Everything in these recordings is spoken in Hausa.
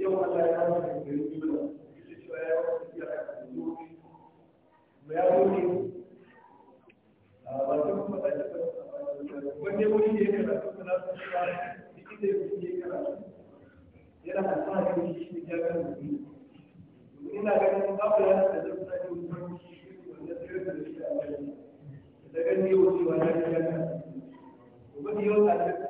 yau Allah ya ba da gari juna shi shi ya ba da ya ka zo ba ya zo ne a ba ta kuma da ta wanda wani ne kana so kana so ka yi da yi kana yana alfahari shi ne ya ga mutum ina ganin babu yana da zai sa yi wani wanda zai da shi a wajen da gani yau shi wani ya ga mutum yau a cikin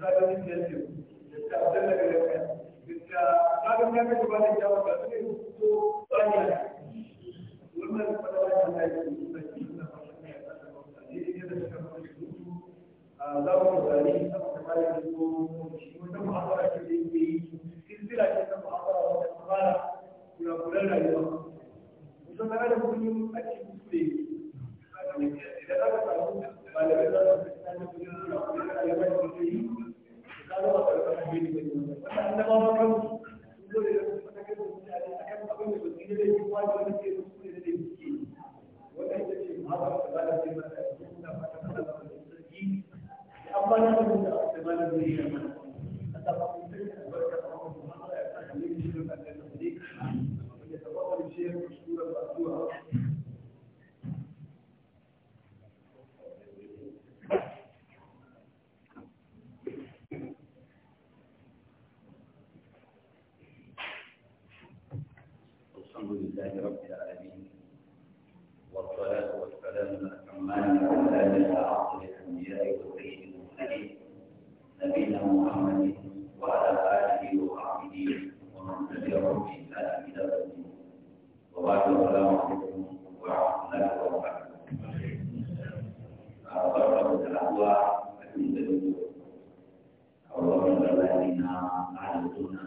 da zalunci da yake da ta abdalla ga aka samu malamai kaga ba karɓar addini ba ne annabawa kan su zo da akan kuma ke da su ne الحمد لله رب العالمين والصلاة والسلام الأتمان على أفضل الأنبياء وسيد المرسلين نبينا محمد وعلى آله وصحبه ومن تبعهم بإحسان إلى يوم الدين وبعد السلام عليكم ورحمة الله وبركاته. بركة الأقوى الحمد لله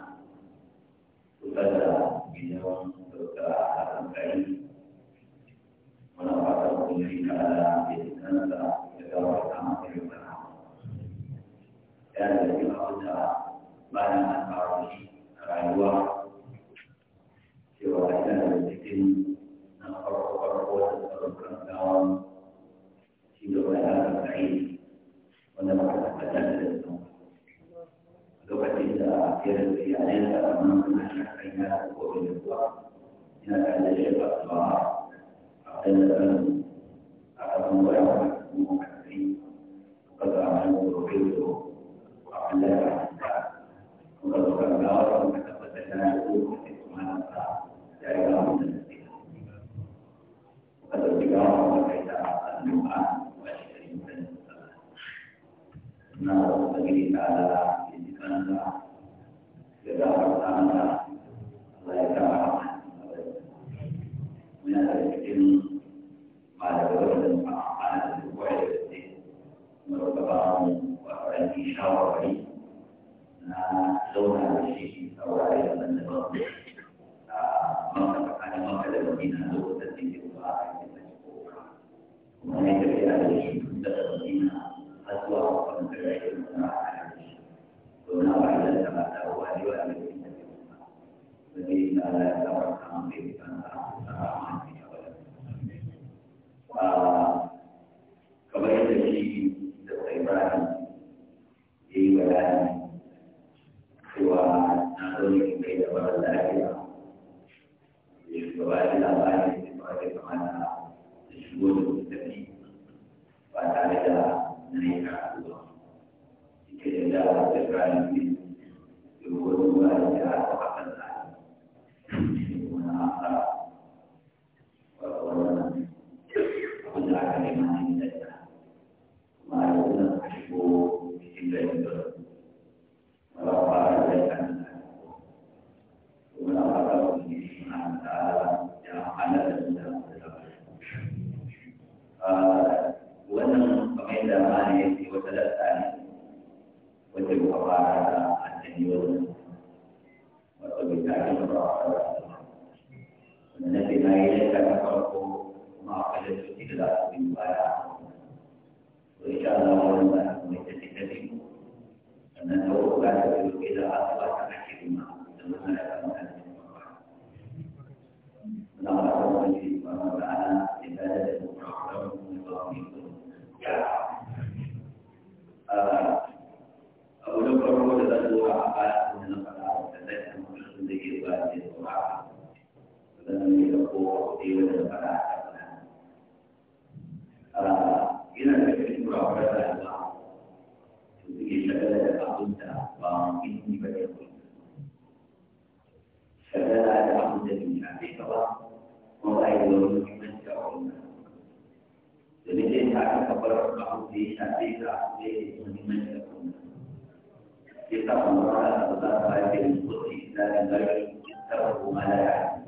البشر تركوا ما لا يعلم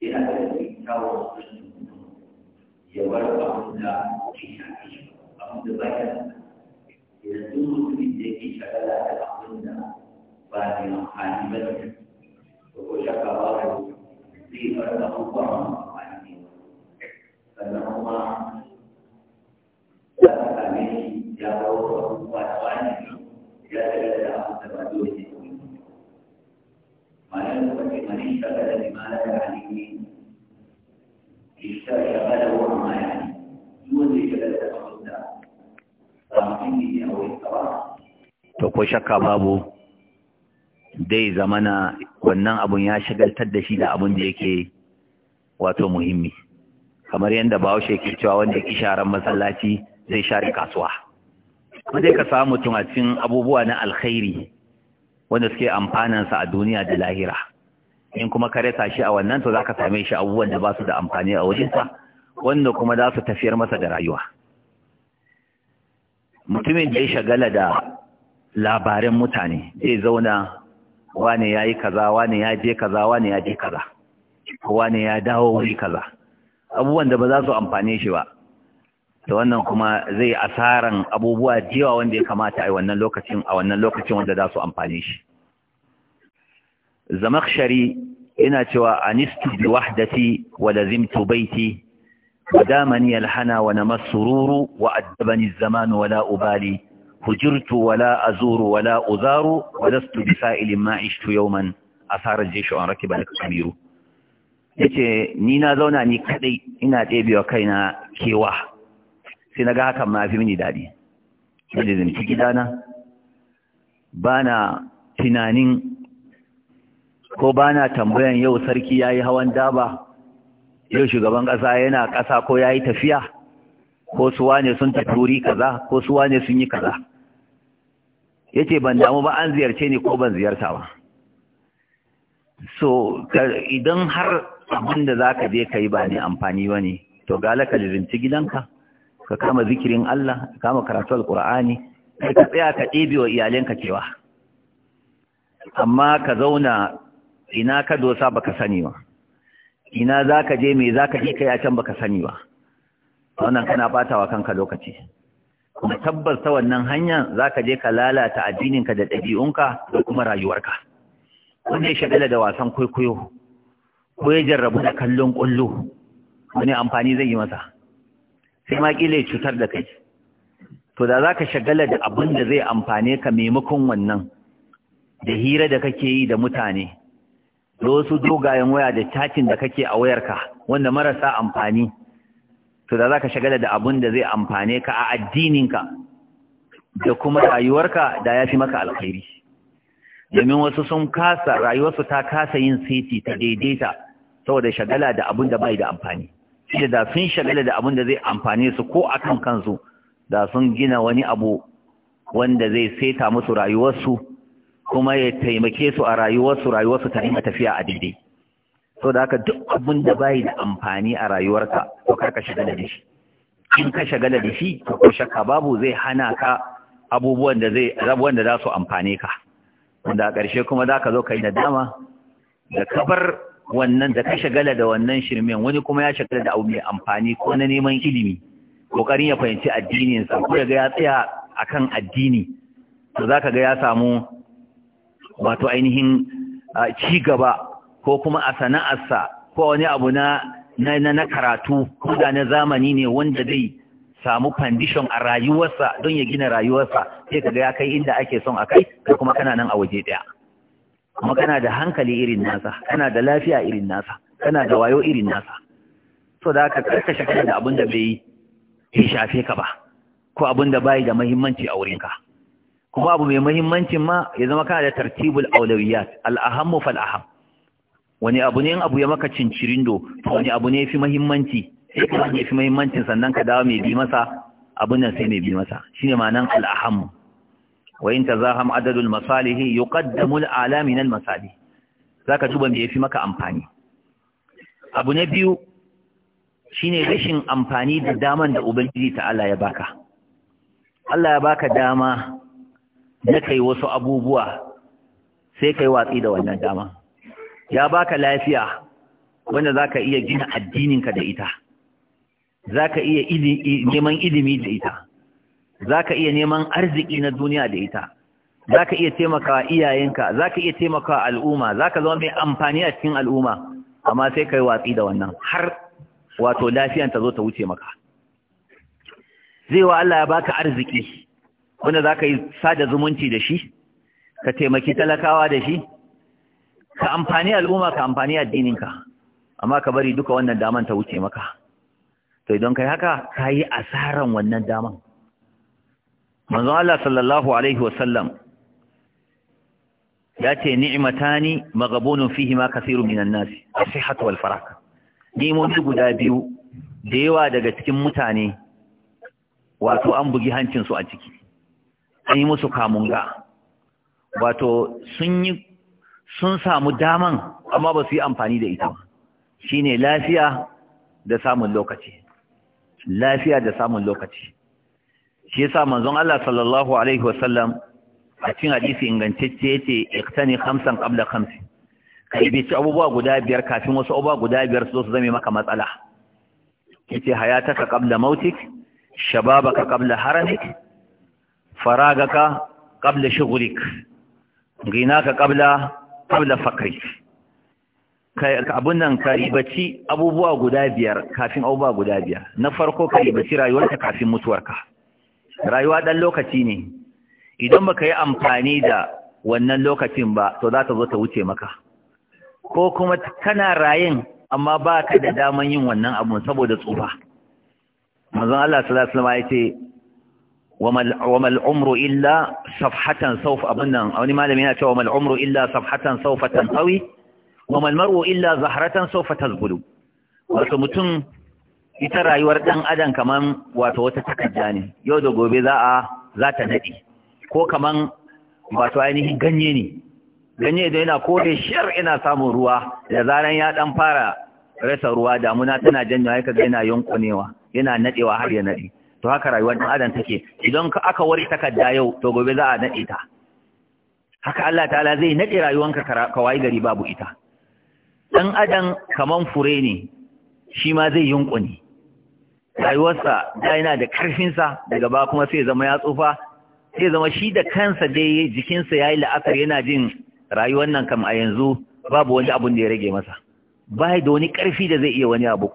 في هذا الذي كاو يولد عمنا في شعبه أمد بيان يزور في ذيك شغلة عمنا بعد ما حالي بدر وشكا الله في فرد من رحمه to ko shakka babu dai zamana wannan abun ya shagaltar da shi da abun da yake wato muhimmi kamar yadda bahaushe ke cewa wanda ki sharan masallaci zai share kasuwa wanda ka samu mutum abubuwa na alkhairi wanda suke amfanansa a duniya da lahira in kuma ka rasa shi a wannan to zaka same shi abubuwan da ba su da amfani a wajensa wanda kuma za su tafiyar masa da rayuwa mutumin da ya shagala da labarin mutane zai zauna wane ya yi kaza wane ya je kaza wane ya je kaza wane ya dawo wuri kaza abubuwan da ba za su amfani shi ba da wannan kuma zai asaran abubuwa jiwa wanda ya kamata a wannan lokacin a wannan lokacin wanda za su amfani shi zamakshari ina cewa anistu bi wahdati wa lazimtu baiti wa damani alhana wa namas sururu wa addabani zamanu wa la ubali hujirtu wa la azuru wa la uzaru wa lastu bi sa'ilin ma ishtu yawman asara jishu an rakiba al-kamiru yace ni na zauna ni kadai ina ɗebewa kaina kewa sai naga hakan ma fi mini dadi sai da gidana bana tunanin ko ba na tambayan yau sarki ya yi hawan daba yau shugaban ƙasa yana ƙasa ko ya yi tafiya ko suwa ne sun tafi wuri kaza ko suwa ne sun yi kaza ya ce ban damu ba an ziyarce ni ko ban ziyarta ba so idan har abin da za ka je ka yi ba ne amfani ba ne to gala ka lirinci gidanka ka kama zikirin Allah ka kama karatu al kai ka tsaya ka ɗebe wa iyalinka cewa amma ka zauna ina ka dosa baka sani ba ina za ka je me za ka je kai a can baka sani ba wannan kana wa kanka lokaci kuma tabbas ta wannan hanyar, za ka je ka lalata addininka da ɗabi'unka da kuma rayuwarka wanda ya shagala da wasan kwaikwayo ko ya jarrabu da kallon kullu wani amfani zai yi masa sai ma ƙila ya cutar da kai to da za ka shagala da abin da zai amfane ka maimakon wannan da hira da kake yi da mutane da wasu dogayen waya da cacin da kake a wayarka wanda marasa amfani to da zaka shagala da abun da zai amfane ka a addininka da kuma rayuwarka da ya fi maka alkhairi domin wasu sun kasa rayuwarsu ta kasa yin seti ta daidaita saboda shagala da abun da bai da amfani shi da sun shagala da abun da zai amfane su ko akan kansu da sun gina wani abu wanda zai seta musu rayuwarsu kuma ya taimake su a rayuwarsu rayuwarsu ta dinga tafiya a daidai so da haka duk abin da bai da amfani a rayuwarka to kar ka shagala da shi in ka shagala da shi to ko shakka babu zai hana ka abubuwan da zai abubuwan da za su amfane ka wanda a ƙarshe kuma za ka zo ka yi nadama da ka bar wannan da ka shagala da wannan shirmen wani kuma ya shagala da abu mai amfani ko na neman ilimi kokarin ya fahimci addininsa ko ya ga ya tsaya akan addini to za ka ga ya samu wato ainihin ci gaba ko kuma a sana'arsa ko wani abu na na karatu ko da na zamani ne wanda zai samu fandishon a rayuwarsa don ya gina rayuwarsa sai kaga ya kai inda ake son a kai ko kuma kana nan a waje daya kuma kana da hankali irin nasa kana da lafiya irin nasa kana da wayo irin nasa so da ka karkashe kana da abin da bai shafe ka ba ko abin da bai da muhimmanci a wurinka kuma abu mai muhimmancin ma ya zama kana da tartibul aulawiyat al fa fal aham wani abu ne abu ya maka cincirindo to wani abu ne fi muhimmanci sai ka ne fi muhimmancin sannan ka dawo mai bi masa abun nan sai mai bi masa shine ma'anan al-ahammu wa in tazaham adadul masalihi yuqaddamu al-ala min al-masalih zaka duba me yafi maka amfani abu na biyu shine rashin amfani da daman da ubangiji Allah ya baka Allah ya baka dama na kai wasu abubuwa sai kai watsi da wannan dama ya baka lafiya wanda zaka iya gina addininka da ita zaka iya neman ilimi da ita zaka iya neman arziki na duniya da ita zaka iya taimakawa iyayenka zaka iya taimakawa al'umma zaka zama mai amfani a cikin al'umma amma sai kai watsi da wannan har wato lafiyan ta zo ta wuce maka zai wa Allah ya baka arziki wanda za ka yi sada zumunci da shi ka taimaki talakawa da shi ka amfani al'umma ka amfani addininka amma ka bari duka wannan daman ta wuce maka to idan kai haka ka yi asaran wannan daman manzon Allah sallallahu alaihi wasallam ya ce ni'matani maghbunun fihima kathirun minan nas sihhatu wal Ni ni'momi guda biyu da yawa daga cikin mutane wato an bugi hancinsu a ciki an yi musu kamun ga, wato sun yi sun samu daman amma ba su yi amfani da ita shine lafiya da samun lokaci lafiya da samun lokaci shi yasa manzon Allah sallallahu alaihi wasallam a cikin hadisi ingantacce yace iktani khamsan qabla khamsi kai bi abubuwa guda biyar kafin wasu abubuwa guda biyar su zo su zame maka matsala yace hayataka qabla mautik shababaka qabla haramik faragaka قبل شغلك غناك قبل قبل fakrik kai abun nan ka bacci abubuwa guda biyar kafin abubuwa guda biyar na farko ka ribaci rayuwarka kafin mutuwarka rayuwa dan lokaci ne idan baka yi amfani da wannan lokacin ba to za ta zo ta wuce maka ko kuma kana rayin amma ba ka da daman yin wannan abu saboda tsufa manzon Allah sallallahu alaihi wasallam ya ce وما العمر إلا صفحة سوف أبنا أو لما لم ينأتي وما العمر إلا صفحة سوف تنطوي وما المرء إلا زهرة سوف تزبل وتمتن ita rayuwar ɗan adam kaman wato wata takarda ne yau da gobe za a ta daɗe ko kaman wato ainihin ganye ne ganye da yana kore shiyar yana samun ruwa da zaran ya ɗan fara rasa ruwa damuna tana janyo haika ga yana yana naɗewa har ya naɗe to haka rayuwar dan adam take idan ka aka wari takarda yau to gobe za a naɗe ta haka Allah ta'ala zai naɗe rayuwanka ka wayi gari babu ita dan adam kaman fure ne shi ma zai yunƙuni rayuwarsa da yana da ƙarfinsa daga ba kuma sai zama ya tsufa sai zama shi da kansa dai jikinsa ya yi la'akar yana jin rayuwar nan kam a yanzu babu wani abun da ya rage masa ba da wani ƙarfi da zai iya wani abu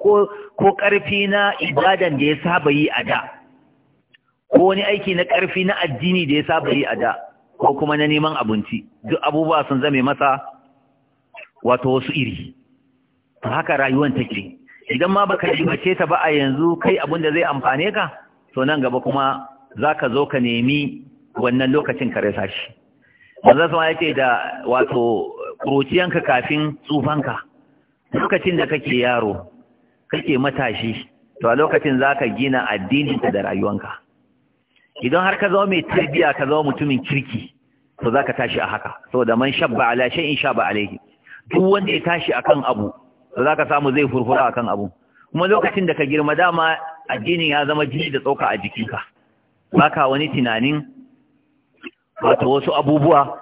ko ƙarfi na ibadan da ya saba yi a da ko wani aiki na ƙarfi na addini da ya saba yi a da ko kuma na neman abinci duk abubuwa sun zame masa wato wasu iri to haka rayuwar take idan ma baka ribace ta ba a yanzu kai abin da zai amfane ka to nan gaba kuma zaka zo ka nemi wannan lokacin ka rasa shi manzo sama yake da wato kuruciyanka kafin tsufanka lokacin da kake yaro kake matashi to a lokacin zaka gina addini da rayuwanka idan har ka zama mai tarbiya ka zama mutumin kirki to zaka tashi a haka saboda man shabba ala in shaba alaihi duk wanda ya tashi akan abu to zaka samu zai furfura akan abu kuma lokacin da ka girma dama addinin ya zama jini da tsoka a jikinka baka wani tunanin wato wasu abubuwa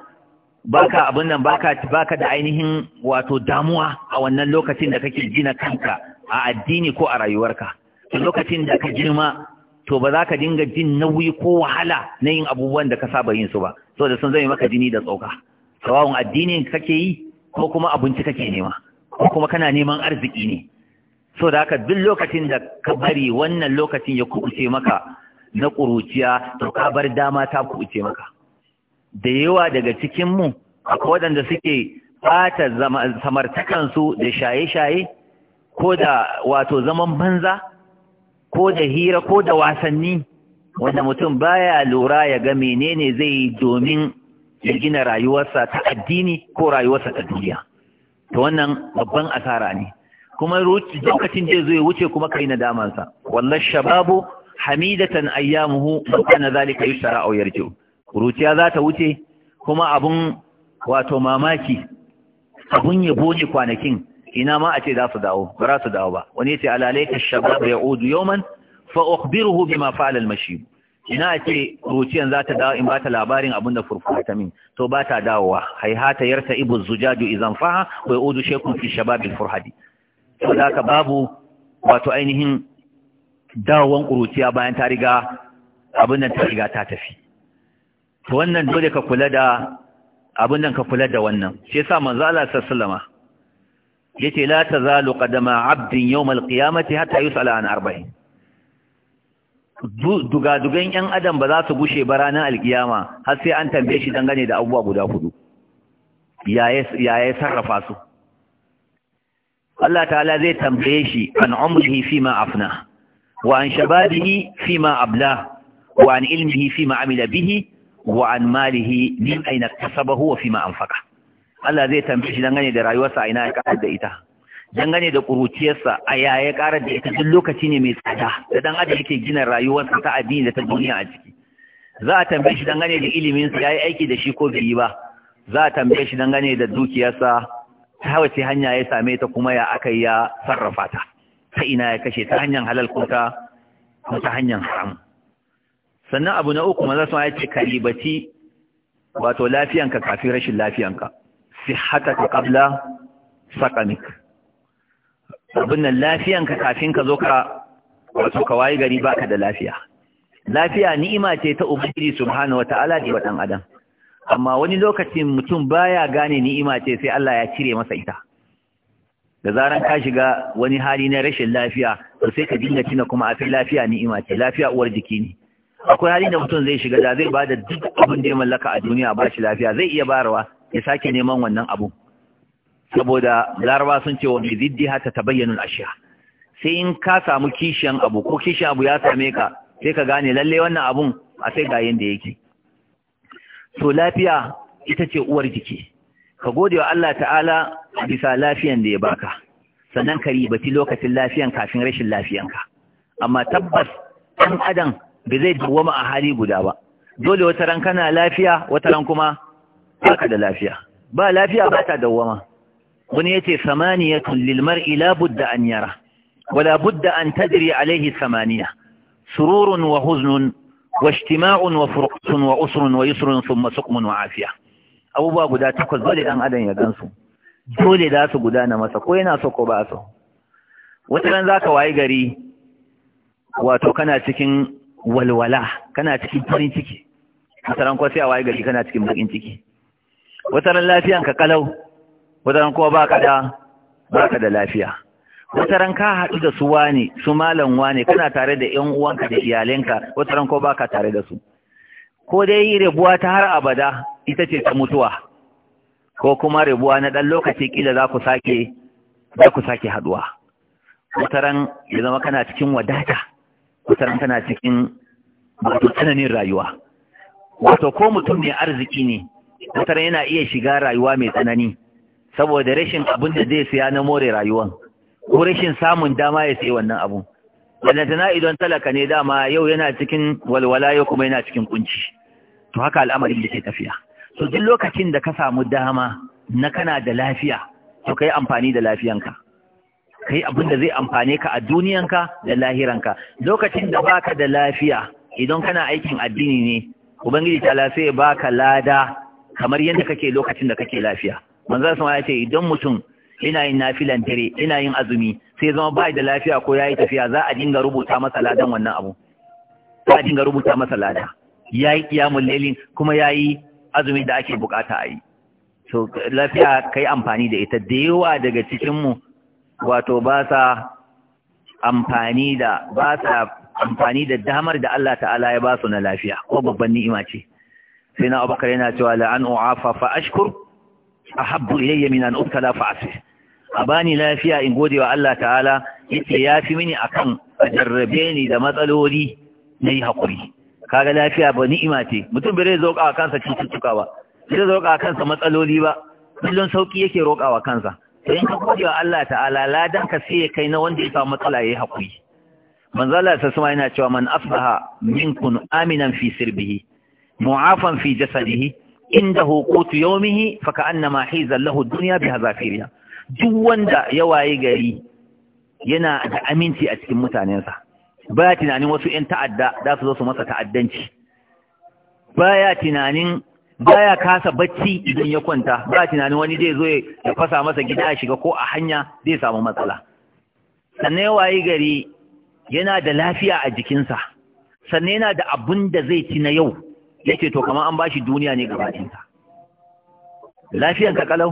baka abin nan baka baka da ainihin wato damuwa a wannan lokacin da kake gina kanka a addini ko a rayuwarka lokacin da ka girma to ba za ka dinga jin nauyi ko wahala na yin abubuwan da ka saba yin su ba saboda sun zai maka jini da tsoka sawawun addini kake yi ko kuma abinci kake nema ko kuma kana neman arziki ne so da haka duk lokacin da ka bari wannan lokacin ya kuɓuce maka na ƙuruciya to ka bar dama ta kuɓuce maka da yawa daga cikinmu waɗanda suke ɓata samartakansu da shaye-shaye ko da wato zaman banza ko da hira ko da wasanni wanda mutum baya lura ya ga menene zai yi domin ya gina rayuwarsa ta addini ko rayuwarsa ta duniya to wannan babban asara ne kuma lokacin da zai wuce kuma kai nadamansa wallahi shababu hamidatan ayyamuhu kana zalika yi aw yarjo. kuruciya za ta wuce kuma abun wato mamaki abun yabo ne kwanakin ina ma a ce za su dawo ba za su dawo ba wani ce alalaika shabab ya udu yawman fa ukhbiruhu bima fa'ala al-mashib ina ce kuruciyan za ta dawo in ba ta labarin abin da furfura ta min to ba ta dawowa haihata yarta ibu zujaju izan faha wa yaudu shekun fi shababil furhadi to da ka babu wato ainihin dawowan kuruciya bayan ta riga abin nan ta riga ta tafi wannan dole ka kula da abin nan ka kula da wannan shi yasa manzo Allah sallama yace la tazalu qadama abdin yawm alqiyamati hatta yusala an arba'in Duga-dugan yan adam ba za su gushe ba ranar alkiyama har sai an tambaye shi dangane da abubuwa guda hudu yaya sarrafa su Allah ta'ala zai tambaye shi an umrihi fima afna wa an shababihi fima abla wa an ilmihi fima amila bihi wa an malihi min aina kasabahu wa fima anfaqa Allah zai tambaye shi dangane da rayuwarsa a ina ya karar da ita dangane da kuruciyarsa a yaya ya karar da ita duk lokaci ne mai tsada da dan adam yake gina rayuwarsa ta addini da ta duniya a ciki za a tambaye shi dangane da ilimin sa yayi aiki da shi ko bai ba za a tambaye shi dangane da dukiyarsa ta wace hanya ya same ta kuma ya aka ya sarrafa ta ta ina ya kashe ta hanyar halal ko ta hanyar haram sannan abu na uku suna ya ce kalibati wato lafiyanka kafin rashin lafiyanka sihhataka qabla saqamik abin nan lafiyanka kafin ka zo ka wato ka wayi gari baka da lafiya lafiya ni'ima ce ta ubangiji subhanahu wataala da wadan adam amma wani lokacin mutum baya gane ni'ima ce sai Allah ya cire masa ita da zaran ka shiga wani hali na rashin lafiya to sai ka dinga tuna kuma a fi lafiya ni'ima ce lafiya uwar jiki ne akwai hali da mutum zai shiga da zai ba da duk abin da ya mallaka a duniya ba shi lafiya zai iya barawa ya sake neman wannan abu saboda laraba sun ce wa mai ziddi hata ta bayyanin ashiya sai in ka samu kishiyan abu ko kishiyan abu ya same ka sai ka gane lalle wannan abun a sai ga yanda yake so lafiya ita ce uwar jiki ka gode wa Allah ta'ala bisa lafiyan da ya baka sannan ka ribaci lokacin lafiyan kafin rashin ka, amma tabbas ɗan adam ba zai dawwama a hali guda ba dole wata ran kana lafiya wata ran kuma baka da lafiya ba lafiya ba ta dawwama wani yace samaniyatun lil mar'i la budda an yara wala budda an tajri alayhi samaniya sururun wa huznun wa ijtima'un wa furqatun wa usrun wa yusrun thumma suqmun wa afiya abubuwa guda takwas dole dan adam ya gansu dole za su gudana masa ko yana so ko ba so wata ran zaka wayi gari wato kana cikin walwala kana cikin farin ciki wataran kuwa sai a waye gari kana cikin bakin ciki wataran lafiyan ka kalau wataran kuwa baka da baka da lafiya wataran ka haɗu da su wani su malan wani kana tare da ƴan uwanka da iyalenka wataran kuwa baka tare da su ko dai rabuwa ta har abada ita ce ta mutuwa ko kuma rabuwa na ɗan lokaci kila za ku sake za ku sake haɗuwa wataran ya zama kana cikin wadata wataran tana cikin wato tsananin rayuwa wato ko mutum mai arziki ne wataran yana iya shiga rayuwa mai tsanani saboda rashin abin da zai siya na more rayuwan ko rashin samun dama ya sayi wannan abun wadantana idan talaka ne dama yau yana cikin walwala yau kuma yana cikin kunci to haka al'amarin da ke tafiya so duk lokacin da ka samu dama na kana da lafiya to kai amfani da lafiyanka yi abin da zai amfane ka a duniyanka da lahiranka lokacin da baka da lafiya idan kana aikin addini ne ubangiji ta lafiya baka lada kamar yadda kake lokacin da kake lafiya manzo sama ya ce idan mutum ina yin nafilan dare ina yin azumi sai zama ba da lafiya ko yayi tafiya za a dinga rubuta masa ladan wannan abu za a dinga rubuta masa lada yayi qiyamul layl kuma yayi azumi da ake bukata a yi so lafiya kai amfani da ita da yawa daga cikin mu wato ba sa amfani da ba sa amfani da damar da Allah ta'ala ya ba su na lafiya ko babban ni'ima ce sai na abubakar yana cewa la'an u'afa fa ashkur ahabbu ilayya min an ubtala fa asfi a bani lafiya in gode wa Allah ta'ala yace ya fi mini akan a jarrabe ni da matsaloli na yi haƙuri kaga lafiya ba ni'ima ce mutum bai zai a kansa cututtuka ba bai zai a kansa matsaloli ba kullum sauki yake roƙawa kansa in ka gode wa Allah ta'ala ladan ka sai kai na wanda ya samu matsala yayi hakuri manzo Allah sai sama yana cewa man asbaha minkum aminan fi sirbihi mu'afan fi jasadihi indahu qutu yawmihi fa ka'annama hiza lahu dunya bi hazafiriha duk wanda ya waye gari yana da aminci a cikin mutanensa baya tunanin wasu 'yan ta'adda za su zo su masa ta'addanci baya tunanin baya kasa bacci idan ya kwanta ba tunanin wani zai zo ya fasa masa gida a shiga ko a hanya zai samu matsala sannan ya gari yana da lafiya a jikinsa sannan yana da abun da zai ci na yau yake to kamar an bashi duniya ne Lafiyar ka kalau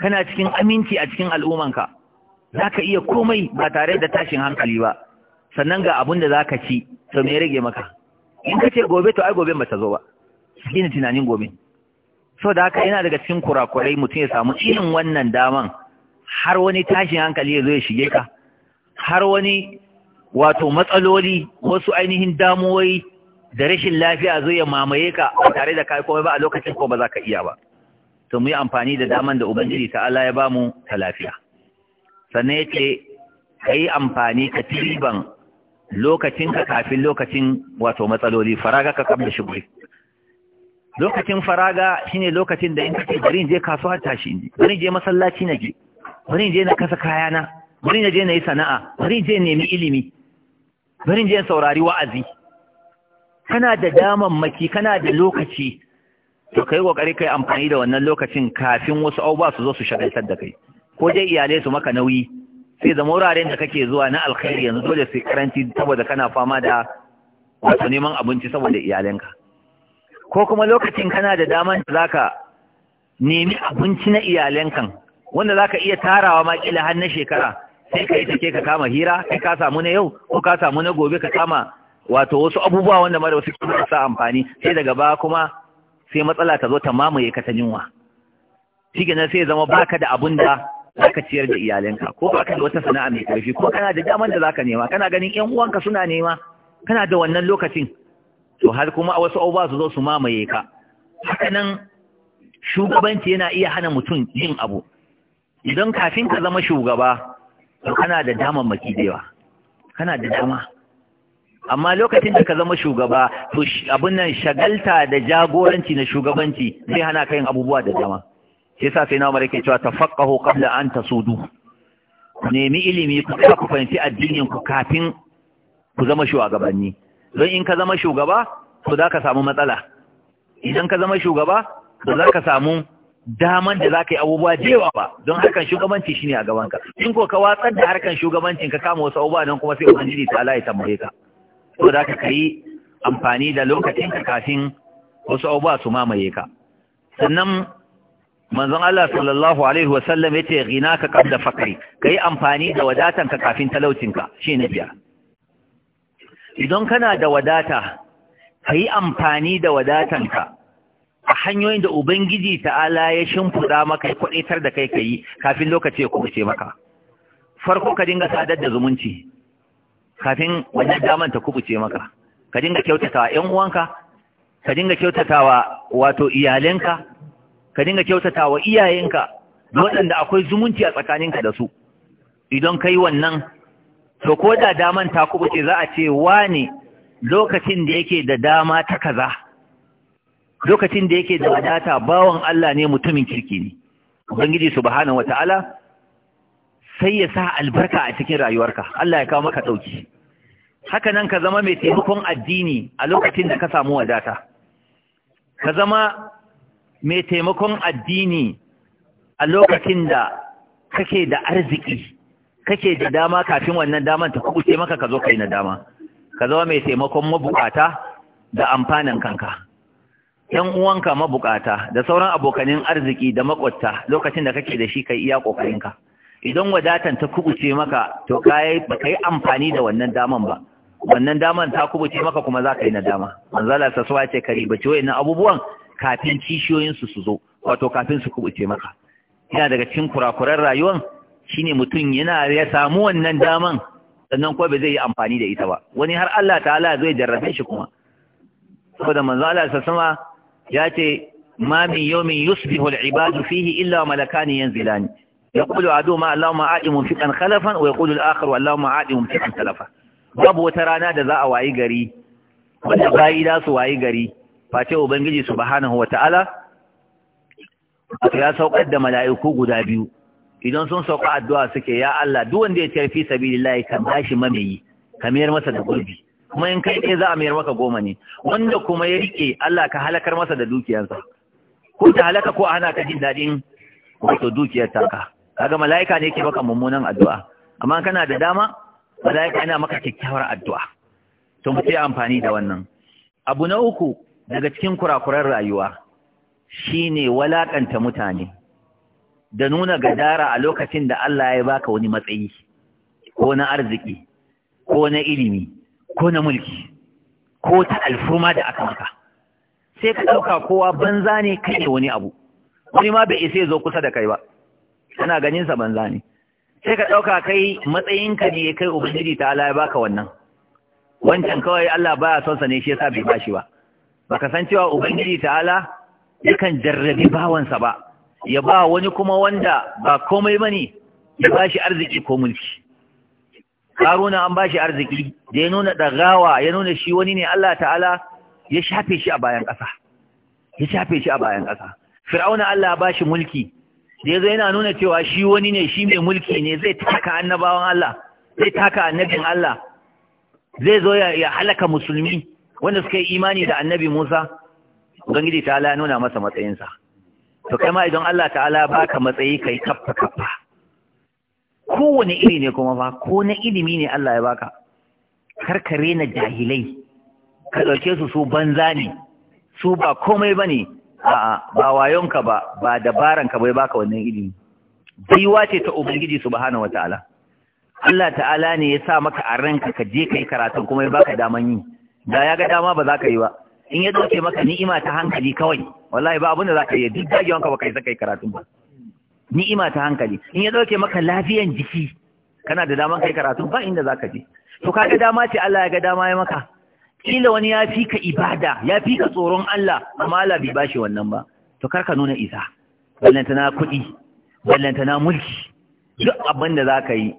kana cikin aminci a cikin al'umman za ka iya komai ba tare da tashin hankali ba sannan ga abun da za ka ci to me rage maka in ka ce gobe to ai gobe ba ta zo ba shi ne tunanin gobe so da haka yana daga cikin kurakurai mutum ya samu irin wannan daman har wani tashin hankali ya zo ya shige ka har wani wato matsaloli wasu ainihin damuwoyi da rashin lafiya zo ya mamaye ka tare da kai komai ba a lokacin ko ba za ka iya ba to mu yi amfani da daman da ubangiji ta Allah ya bamu ta lafiya sannan ya ce ka yi amfani ka tiriban lokacinka kafin lokacin wato matsaloli faraga ka kam da shuguri lokacin faraga shine lokacin da in kace bari je kasuwa tashi inji bari je masallaci na je bari je na kasa kayana bari je na yi sana'a bari je nemi ilimi bari je saurari wa'azi kana da daman maki kana da lokaci to kai kokari kai amfani da wannan lokacin kafin wasu abubuwa su zo su shagaltar da kai ko dai iyalai su maka nauyi sai zama wuraren da kake zuwa na alkhairi yanzu dole sai karanci saboda kana fama da wato neman abinci saboda iyalanka ko kuma lokacin kana da daman da ka nemi abinci na iyalenkan wanda za ka iya tarawa ma kila har na shekara sai ka yi take ka kama hira kai ka samu na yau ko ka samu na gobe ka kama wato wasu abubuwa wanda mara wasu kuma sa amfani sai daga ba kuma sai matsala ta zo ta mamaye ka ta yunwa shi sai zama baka da abun da zaka ciyar da iyalanka ko baka da wata sana'a mai karfi ko kana da daman da zaka nema kana ganin yan uwanka suna nema kana da wannan lokacin to har kuma a wasu ba su zo su mamaye ka haka nan shugabanci yana iya hana mutum yin abu idan kafin ka zama shugaba to kana da damar dewa kana da dama amma lokacin da ka zama shugaba to abin nan shagalta da jagoranci na shugabanci zai hana ka yin abubuwa da dama sai sa sai na mara ke cewa faƙaho qabla an ta sudu nemi ilimi ku ku fahimci addinin ku kafin ku zama shugabanni don in ka zama shugaba to za ka samu matsala idan ka zama shugaba to za ka samu daman da za ka yi abubuwa jewa ba don harkar shugabanci shine a gabanka in ko ka watsar da harkar shugabancin ka kama wasu abubuwa don kuma sai ubangiji ta ala, ya tambaye ka to za ka yi amfani da lokacin ka kafin wasu abubuwa su mamaye ka sannan manzon Allah sallallahu alaihi wa sallam yace da qabla fakri kai amfani da wadatanka kafin talaucinka shine biya idan kana da wadata ka yi amfani da wadatanka a hanyoyin da ubangiji ta'ala ya shimfuda maka kwaɗetar da kai ka yi kafin lokaci ya kubuce maka farko ka dinga sadar da zumunci kafin wani daman ta kuɓuce maka ka dinga kyautatawa 'yan uwanka ka dinga kyautatawa wato iyalanka ka dinga kyautatawa iyayenka da waɗanda akwai zumunci a tsakaninka da su idan ka yi wannan to ko da daman ta kubuce za a ce wane lokacin da yake da dama ta kaza lokacin da yake da wadata bawan Allah ne mutumin kirki ne ubangiji subhanahu wataala sai ya sa albarka a cikin rayuwarka Allah ya kawo maka dauki haka nan ka zama mai taimakon addini a lokacin da ka samu wadata ka zama mai taimakon addini a lokacin da kake da arziki kake da dama kafin wannan daman ta kubuce maka ka zo kai na dama ka zama mai taimakon mabukata da amfanin kanka yan uwanka mabukata da sauran abokanin arziki da makwabta lokacin da kake da shi kai iya kokarinka idan wadatan ta kubuce maka to kai ba kai amfani da wannan daman ba wannan daman ta kubuce maka kuma za ka yi nadama manzala ta suwa ce kari bace wayannan abubuwan kafin kishiyoyin su su zo wato kafin su kubuce maka yana daga cikin kurakuran rayuwan Shi ne mutum yana ya samu wannan daman sannan kuma bai zai yi amfani da ita ba wani har Allah ta'ala zai jarrafe shi kuma saboda manzo Allah sa sama ya ce ma min yawmin yusbihu al-ibadu fihi illa malakani yanzilani yaqulu aduma allahumma a'ti munfiqan khalafan wa yaqulu al-akhar allahumma a'ti munfiqan khalafa babu wata rana da za a wayi gari wanda bayi da su wayi gari face ubangiji subhanahu wa ta'ala ya saukar da mala'iku guda biyu idan sun sauka addu'a suke ya Allah duk wanda ya ciyar fi sabilillahi ka bashi mamayi ka mayar masa da gurbi kuma in kai ne za a mayar maka goma ne wanda kuma ya rike Allah ka halakar masa da dukiyarsa ko ta halaka ko ana ka jin daɗin wato dukiyar taka kaga mala'ika ne yake maka mummunan addu'a amma kana da dama mala'ika yana maka kyakkyawar addu'a to mu sai amfani da wannan abu na uku daga cikin kurakuran rayuwa shine walakanta mutane da nuna gadara a lokacin da Allah ya baka wani matsayi ko na arziki ko na ilimi ko na mulki ko ta alfuma da aka maka sai ka ɗauka kowa banza ne kai wani abu wani ma bai isa ya zo kusa da kai ba kana ganin banza ne sai ka ɗauka kai matsayinka ne kai ubangiji ta Allah ya baka wannan wancan kawai Allah baya ya sonsa ne shi yasa bai bashi ba baka san cewa ubangiji ta Allah yakan jarrabi bawansa ba ya ba wani kuma wanda ba komai bane ya ba shi arziki ko mulki karuna an ba shi arziki da ya nuna dagawa ya nuna shi wani ne Allah ta'ala ya shafe shi a bayan ƙasa ya shafe shi a bayan ƙasa fir'auna Allah ba shi mulki da ya yana nuna cewa shi wani ne shi mai mulki ne zai taka annabawan Allah zai taka annabin Allah zai zo ya halaka musulmi wanda suka yi imani da annabi Musa Ubangiji ta nuna masa matsayinsa to kai ma idan Allah ta'ala baka matsayi kai kaffa kaffa kowane iri ne kuma ba ko na ilimi ne Allah ya baka karkare na jahilai ka dauke su su banza ne su ba komai bane. a a'a ba wayonka ba ba ka bai baka wannan ilimi baiwa ce ta ubangiji subhanahu wataala Allah ta'ala ne ya sa maka a ranka ka je kai karatu kuma ya baka daman yi da ya ga dama ba za ka yi ba in ya dauke maka ni'ima ta hankali kawai wallahi ba abin da zaka yi duk dagewan ka baka yi sakai karatu ba ni'ima ta hankali in ya dauke maka lafiyan jiki kana da daman kai karatu ba inda zaka je to kaga dama ce Allah ya ga dama ya maka kila wani ya fi ka ibada ya fi ka tsoron Allah amma Allah bai bashi wannan ba to kar ka nuna isa kudi, kuɗi na mulki duk abin da zaka yi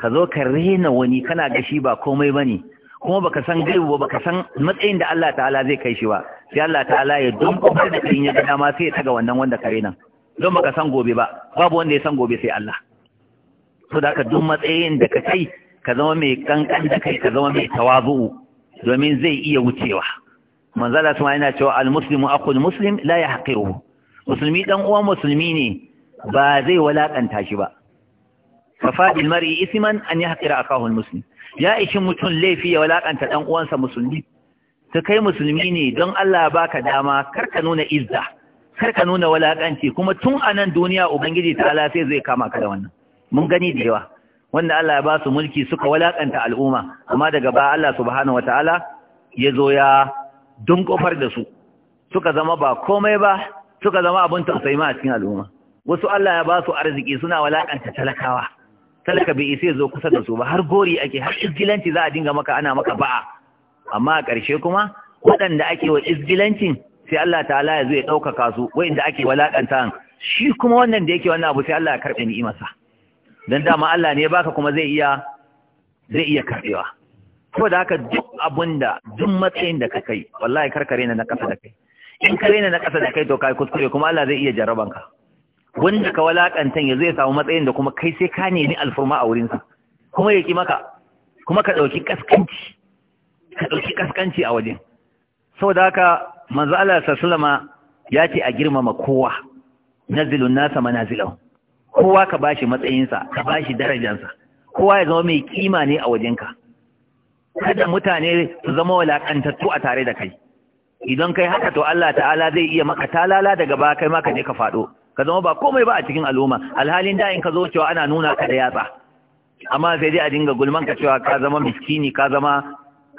ka zo ka rena wani kana gashi ba komai bane kuma baka san gaibu ba baka san matsayin da Allah ta'ala zai kai shi ba sai Allah ta'ala ya dunkufar da kai ya ga dama sai ya taga wannan wanda kare nan don baka san gobe ba babu wanda ya san gobe sai Allah to da ka duk matsayin da ka kai ka zama mai kankan da kai ka zama mai tawazu domin zai iya wucewa manzala kuma yana cewa almuslimu aqul muslim la yahqiruhu musulmi dan uwan musulmi ne ba zai walakanta shi ba fa fa'il mar'i isman an yahqira akahu muslim ya ishi mutum laifi ya walakanta dan uwansa musulmi ta kai musulmi ne don Allah baka dama karka nuna izza karka nuna walakanci kuma tun a nan duniya ubangiji Ala sai zai kama ka da wannan mun gani da yawa wanda Allah ya ba su mulki suka walakanta al'umma amma daga ba Allah subhanahu wataala ya zo ya dunkofar da su suka zama ba komai ba suka zama abin tausayi ma a cikin al'umma wasu Allah ya ba su arziki suna walakanta talakawa talaka bai isa ya zo kusa da su ba har gori ake har izgilanci za a dinga maka ana maka ba'a amma a ƙarshe kuma waɗanda ake wa izgilancin sai Allah ta'ala ya zo ya ɗaukaka su waɗanda ake walaƙanta shi kuma wannan da yake wannan abu sai Allah ya karɓe ni'imarsa don dama Allah ne baka kuma zai iya zai iya karɓewa ko da haka duk abun da duk matsayin da ka kai wallahi karkare na na ƙasa da kai in kare na na ƙasa da kai to kai kuskure kuma Allah zai iya ka wanda ka walakantan ya zai samu matsayin da kuma kai sai ka nemi alfurma a wurinsa kuma ya ki maka kuma ka ɗauki kaskanci ka ɗauki kaskanci a wajen saboda haka manzo Allah sallama ya ce a girmama kowa nazilun nasa manazilau kowa ka bashi matsayinsa ka bashi darajarsa kowa ya zama mai kima ne a ka. kada mutane su zama walakantattu a tare da kai idan kai haka to Allah ta'ala zai iya maka talala daga ba kai ma ka ka faɗo ka zama ba komai ba a cikin al'umma alhalin da in ka zo cewa ana nuna ka da yatsa amma sai dai a dinga gulman ka cewa ka zama miskini ka zama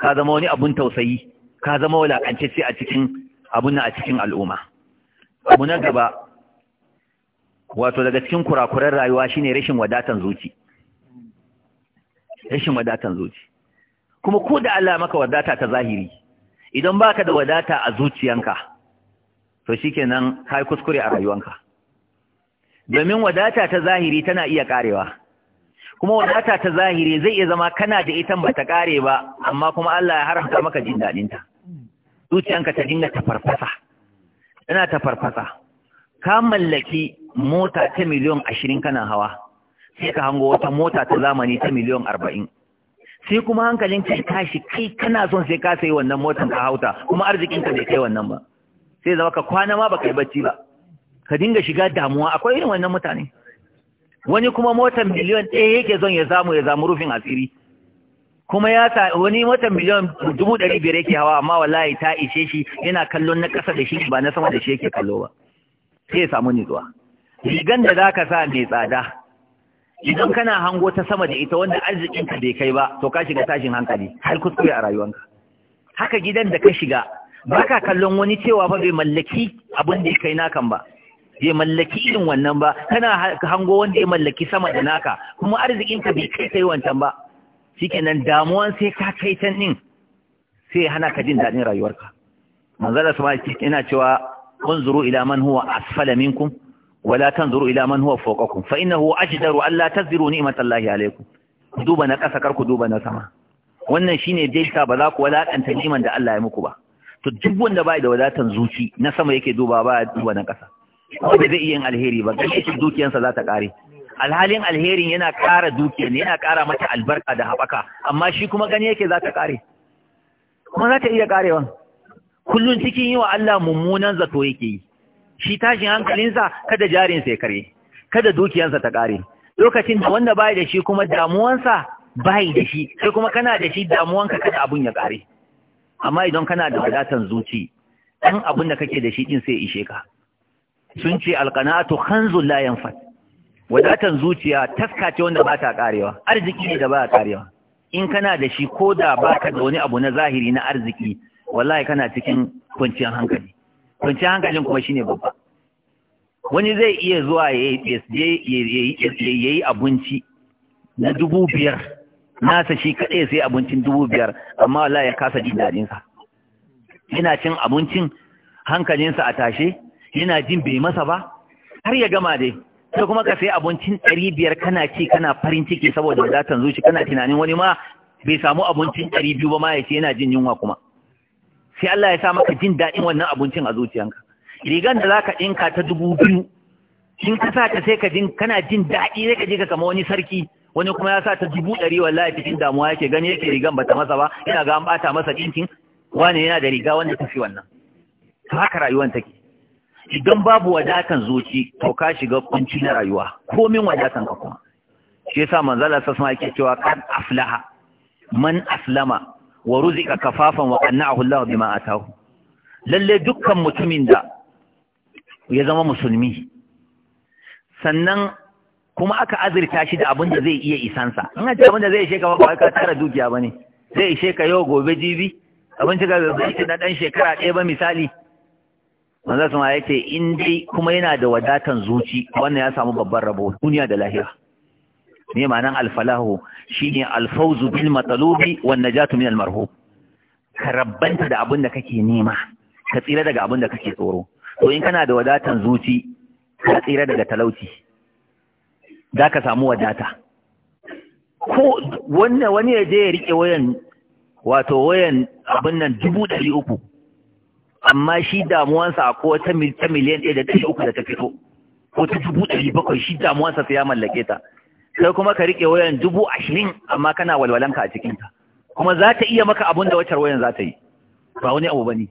ka zama wani abun tausayi ka zama wulakantacce a cikin abun a cikin al'umma abu na gaba wato daga cikin kurakuran rayuwa shine rashin wadatan zuci rashin wadatan zuci kuma ko da Allah maka wadata ta zahiri idan baka da wadata a zuciyanka to shikenan kai kuskure a rayuwanka domin wadata ta zahiri tana iya karewa kuma wadata ta zahiri zai iya zama kana da ita bata ta kare ba amma kuma Allah ya haramta maka jin daɗinta zuciyanka ta dinga tafarfasa tana tafarfasa ka mallaki mota ta miliyon ashirin kana hawa sai ka hango wata mota ta zamani ta miliyon arba'in sai kuma hankalin ka tashi kai kana son sai ka sayi wannan motan ka hauta kuma arzikinka ka bai kai wannan ba sai zama ka kwana ma baka yi bacci ba ka dinga shiga damuwa akwai irin wannan mutane wani kuma motar miliyan ɗaya yake zon ya zamu ya zamu rufin asiri kuma ya sa wani motar miliyan dubu ɗari biyar yake hawa amma wallahi ta ishe shi yana kallon na ƙasa da shi ba na sama da shi yake kallo ba sai ya samu nutsuwa rigan da za ka sa mai tsada idan kana hango ta sama da ita wanda arzikinka bai kai ba to ka shiga tashin hankali har kuskure a rayuwanka haka gidan da ka shiga ba ka kallon wani cewa ba bai mallaki abin da ya kai nakan ba ya mallaki irin wannan ba kana hango wanda ya mallaki sama da naka kuma arzikin ka bai kai kai wancan ba shikenan damuwan sai ka kai can din sai hana ka jin dadin rayuwarka manzala sama yana cewa unzuru ila man huwa asfala minkum wala tanzuru ila man huwa fawqakum fa innahu ajdaru alla taziru ni'matallahi alaykum duba na kasa kar ku duba na sama wannan shine dai ba za ku walakanta niman da Allah ya muku ba to duk wanda bai da wadatan zuci na sama yake duba ba duba na kasa wanda zai iya yin alheri ba gane shi dukiyansa za ta kare alhalin alherin yana kara dukiya ne yana kara mata albarka da haɓaka amma shi kuma gani yake za ta kare kuma za ta iya karewa kullum cikin yi wa Allah mummunan zato yake yi shi tashin hankalinsa kada jarinsa ya kare kada dukiyansa ta kare lokacin da wanda bai da shi kuma damuwansa bai da shi sai kuma kana da shi damuwanka kada abun ya kare amma idan kana da wadatan zuci dan abun da kake da shi din sai ishe ka sun ce alkanatu hanzun layan fat. wadatan zuciya taska wanda ba ta karewa arziki ne da ba ta karewa in kana da shi ko da baka da wani abu na zahiri na arziki wallahi kana cikin kwanciyar hankali kwanciyar hankalin kuma shine babba wani zai iya zuwa ya yi abinci na dubu biyar nasa shi kaɗai sai abincin dubu biyar amma wallahi ya kasa jin daɗinsa yana cin abincin hankalinsa a tashe yana jin bai masa ba har ya gama dai sai kuma ka sai abincin ɗari biyar kana ci kana farin ciki saboda wadatan zuci kana tunanin wani ma bai samu abincin ɗari biyu ba ma ya ce yana jin yunwa kuma sai Allah ya sa maka jin daɗin wannan abincin a zuciyanka Rigar da zaka ɗinka ta dubu biyu in ka sa ta sai ka jin kana jin daɗi sai ka je ka kama wani sarki wani kuma ya sa ta dubu ɗari wallahi cikin damuwa yake gani yake rigan bata masa ba yana ga an ɓata masa ɗinkin wani yana da riga wanda ta fi wannan haka rayuwar take idan babu wadatan zuci to ka shiga kunci na rayuwa komin wadatan ka kuma shi yasa manzala sasma yake cewa kan aflaha man aslama wa ruzika kafafan wa qanna'ahu Allah bima atahu lalle dukkan mutumin da ya zama musulmi sannan kuma aka azurta shi da abin da zai iya isansa in aka abin da zai ishe ka ba ka tara dukiya bane zai ishe ka yau gobe jibi abin da zai ishe na dan shekara ɗaya ba misali manzo sama yace in dai kuma yana da wadatan zuci wannan ya samu babban rabo duniya da lahira ne ma'anan alfalahu shine alfawzu bil matalubi wan najatu min al marhub ka rabbanta da abin da kake nema ka tsira daga abin da kake tsoro to in kana da wadatan zuci ka tsira daga talauci za ka samu wadata ko wannan wani ya je ya rike wayan wato wayan abin nan dubu ɗari uku amma shi damuwansa a kowa ta miliyan ɗaya da ɗari uku da ta fito ko ta dubu ɗari bakwai shi damuwansa sai ya mallake ta sai kuma ka riƙe wayan dubu ashirin amma kana walwalanka a cikinta kuma za ta iya maka abun da wacce wayan za ta yi ba wani abu ba ne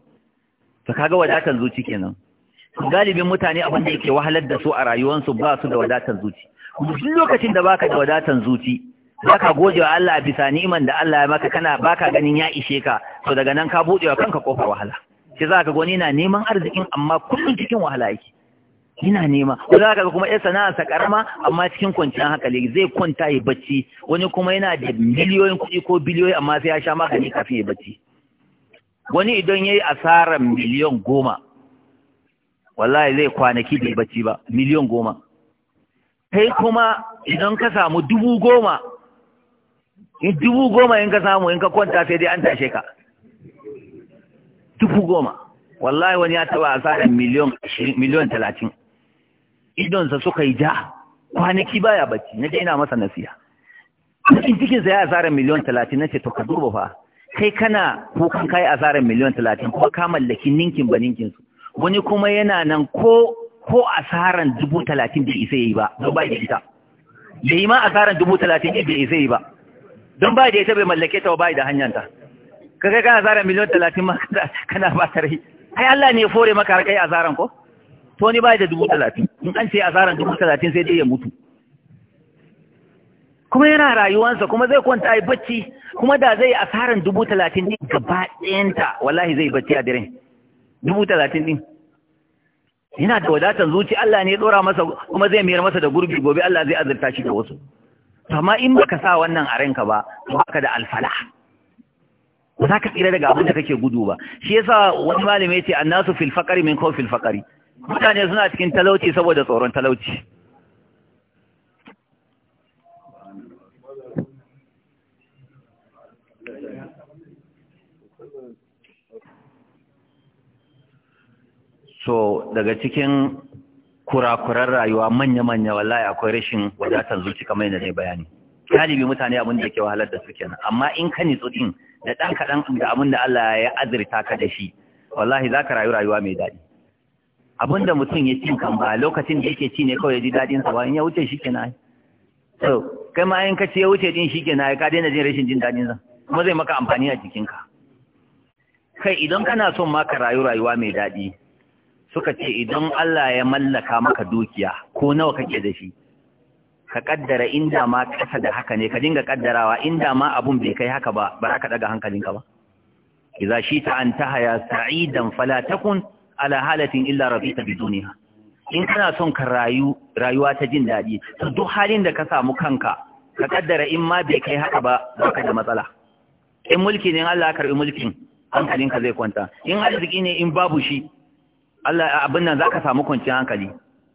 ta kaga wadatar zuci kenan galibin mutane abin da yake wahalar da su a rayuwarsu ba su da wadatar zuci duk lokacin da baka da wadatar zuci baka wa Allah a bisa ni'iman da Allah ya maka kana baka ganin ya ishe ka to daga nan ka buɗe wa kanka kofar wahala shi za ka gwani na neman arzikin amma kullum cikin wahala yake yana nema ko za ka kuma yasa na sa karama amma cikin kwanciyar hankali zai kwanta ya bacci wani kuma yana da miliyoyin kuɗi ko biliyoyi amma sai ya sha magani kafin ya bacci wani idan yayi asara miliyon goma wallahi zai kwanaki bai bacci ba miliyon goma kai kuma idan ka samu dubu goma in dubu goma in ka samu in ka kwanta sai dai an tashe ka dubu goma wallahi wani ya taba asarar miliyon talatin idonsa suka yi ja kwanaki baya bacci na ina masa nasiya cikin cikinsa ya asarar miliyon talatin na ce to ka duba fa kai kana kukan kai asarar miliyon talatin kuma ka mallaki ninkin ba ninkinsu wani kuma yana nan ko ko asaran dubu talatin bai isa yi ba don ba da ita bai yi ma asaran dubu talatin bai isa yi ba don ba da ita bai mallake ta ba da hanyanta ka kai kana zara miliyon talatin ma kana ba ta rai ai Allah ne ya fore maka har a zaran ko to ni bai da dubu talatin in an ce azaran dubu talatin sai dai ya mutu kuma yana rayuwansa kuma zai kwanta ai bacci kuma da zai asaran dubu talatin din gaba ɗayanta wallahi zai bacci a diren, dubu talatin din yana da wadatan zuci Allah ne ya tsora masa kuma zai mayar masa da gurbi gobe Allah zai azurta shi da wasu amma in baka sa wannan a ranka ba to haka da alfalah ba za ka tsira daga abin da kake gudu ba shi yasa wani malami ce annasu fil faqari min ko mutane suna cikin talauci saboda tsoron talauci so daga cikin kurakuran rayuwa manya-manya wallahi akwai rashin wadatar zuci kamar yadda ne bayani galibi mutane abin da ke wahalar da su kenan amma in ka nitsu din da ɗan kaɗan ga abin da Allah ya azirta ka da shi wallahi za ka rayu rayuwa mai daɗi abin da mutum ya cin kan ba lokacin da yake ci ne kawai ya ji daɗin sa ba in ya wuce shi ke na so kai ma in ka ci ya wuce din shi ke kenan ka daina jin rashin jin daɗin sa kuma zai maka amfani a jikinka kai idan kana son ma ka rayu rayuwa mai daɗi suka ce idan Allah ya mallaka maka dukiya ko nawa kake da shi ka kaddara inda ma kasa da haka ne ka dinga kaddarawa inda ma abun bai kai haka ba ba za ka daga hankalinka ba idza shita an haya sa'idan fala takun ala halatin illa bi duniya. in kana son ka rayu rayuwa ta jin daɗi to duk halin da ka samu kanka ka kaddara in ma bai kai haka ba ka da matsala in mulki ne Allah ya karbi mulkin hankalinka zai kwanta in arziki ne in babu shi Allah abin nan zaka samu kwanciyar hankali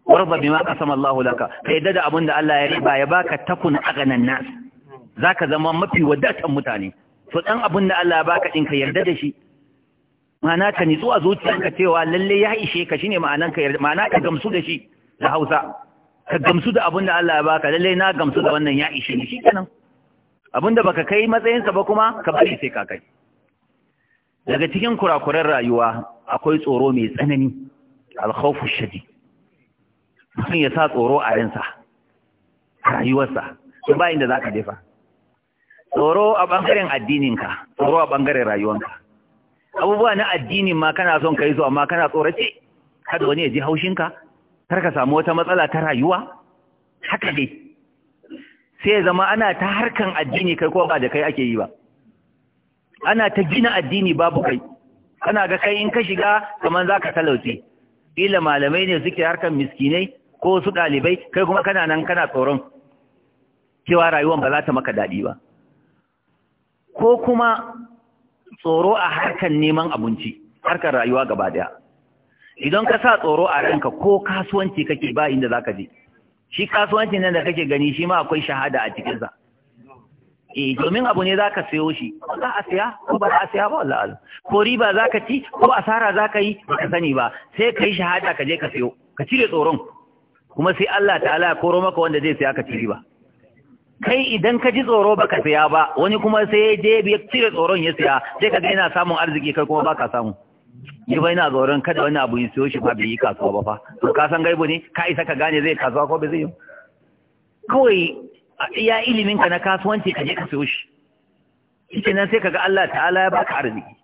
warba bima qasama Allahu laka ka yadda da abinda Allah ya riba ya baka takun aganan nas zaka zama mafi wadatan mutane to dan abinda Allah ya baka din ka yarda da shi ma'ana ka nitsu a zuciyarka cewa lalle ya ishe ka shine ma'anan ka yarda ma'ana ka gamsu da shi da Hausa ka gamsu da abinda Allah ya baka lalle na gamsu da wannan ya ishe ni shikenan abinda baka kai matsayin sa ba kuma ka bari sai ka kai daga cikin kurakuran rayuwa akwai tsoro mai tsanani al-khawfu shadid mutum ya sa tsoro a ransa rayuwarsa ba inda za ka jefa tsoro a ɓangaren addininka tsoro a ɓangaren rayuwanka abubuwa na addini ma kana son ka yi zuwa amma kana tsorace kada wani ya ji haushinka kar ka samu wata matsala ta rayuwa haka dai sai ya zama ana ta harkan addini kai ko ba da kai ake yi ba ana ta gina addini babu kai ana ga kai in ka shiga kamar za ka talauce ƙila malamai ne suke harkan miskinai ko su ɗalibai kai kuma kana nan kana tsoron cewa rayuwar ba za ta maka daɗi ba ko kuma tsoro a harkar neman abinci harkar rayuwa gaba daya idan ka sa tsoro a ranka ko kasuwanci kake ba inda za ka je shi kasuwancin nan da kake gani shi ma akwai shahada a cikinsa eh domin abu ne za ka sayo shi ko za a saya ko ba za a saya ba wallahi ko riba za ka ci ko asara za ka yi ba ka sani ba sai ka yi shahada ka je ka sayo ka cire tsoron kuma sai Allah ta'ala ya koro maka wanda zai siya ka ci riba kai idan ka ji tsoro baka siya ba wani kuma sai ya je ya cire tsoron ya siya. sai ka ga yana samun arziki kai kuma baka samu ni fa ina tsoron kada wani abu ya siyo shi ba bai yi kasuwa ba fa to ka san gaibu ne ka isa ka gane zai kasuwa ko bai zai yi kawai iya ilimin ka na kasuwanci ka je ka siyo shi nan sai ka ga Allah ta'ala ya baka arziki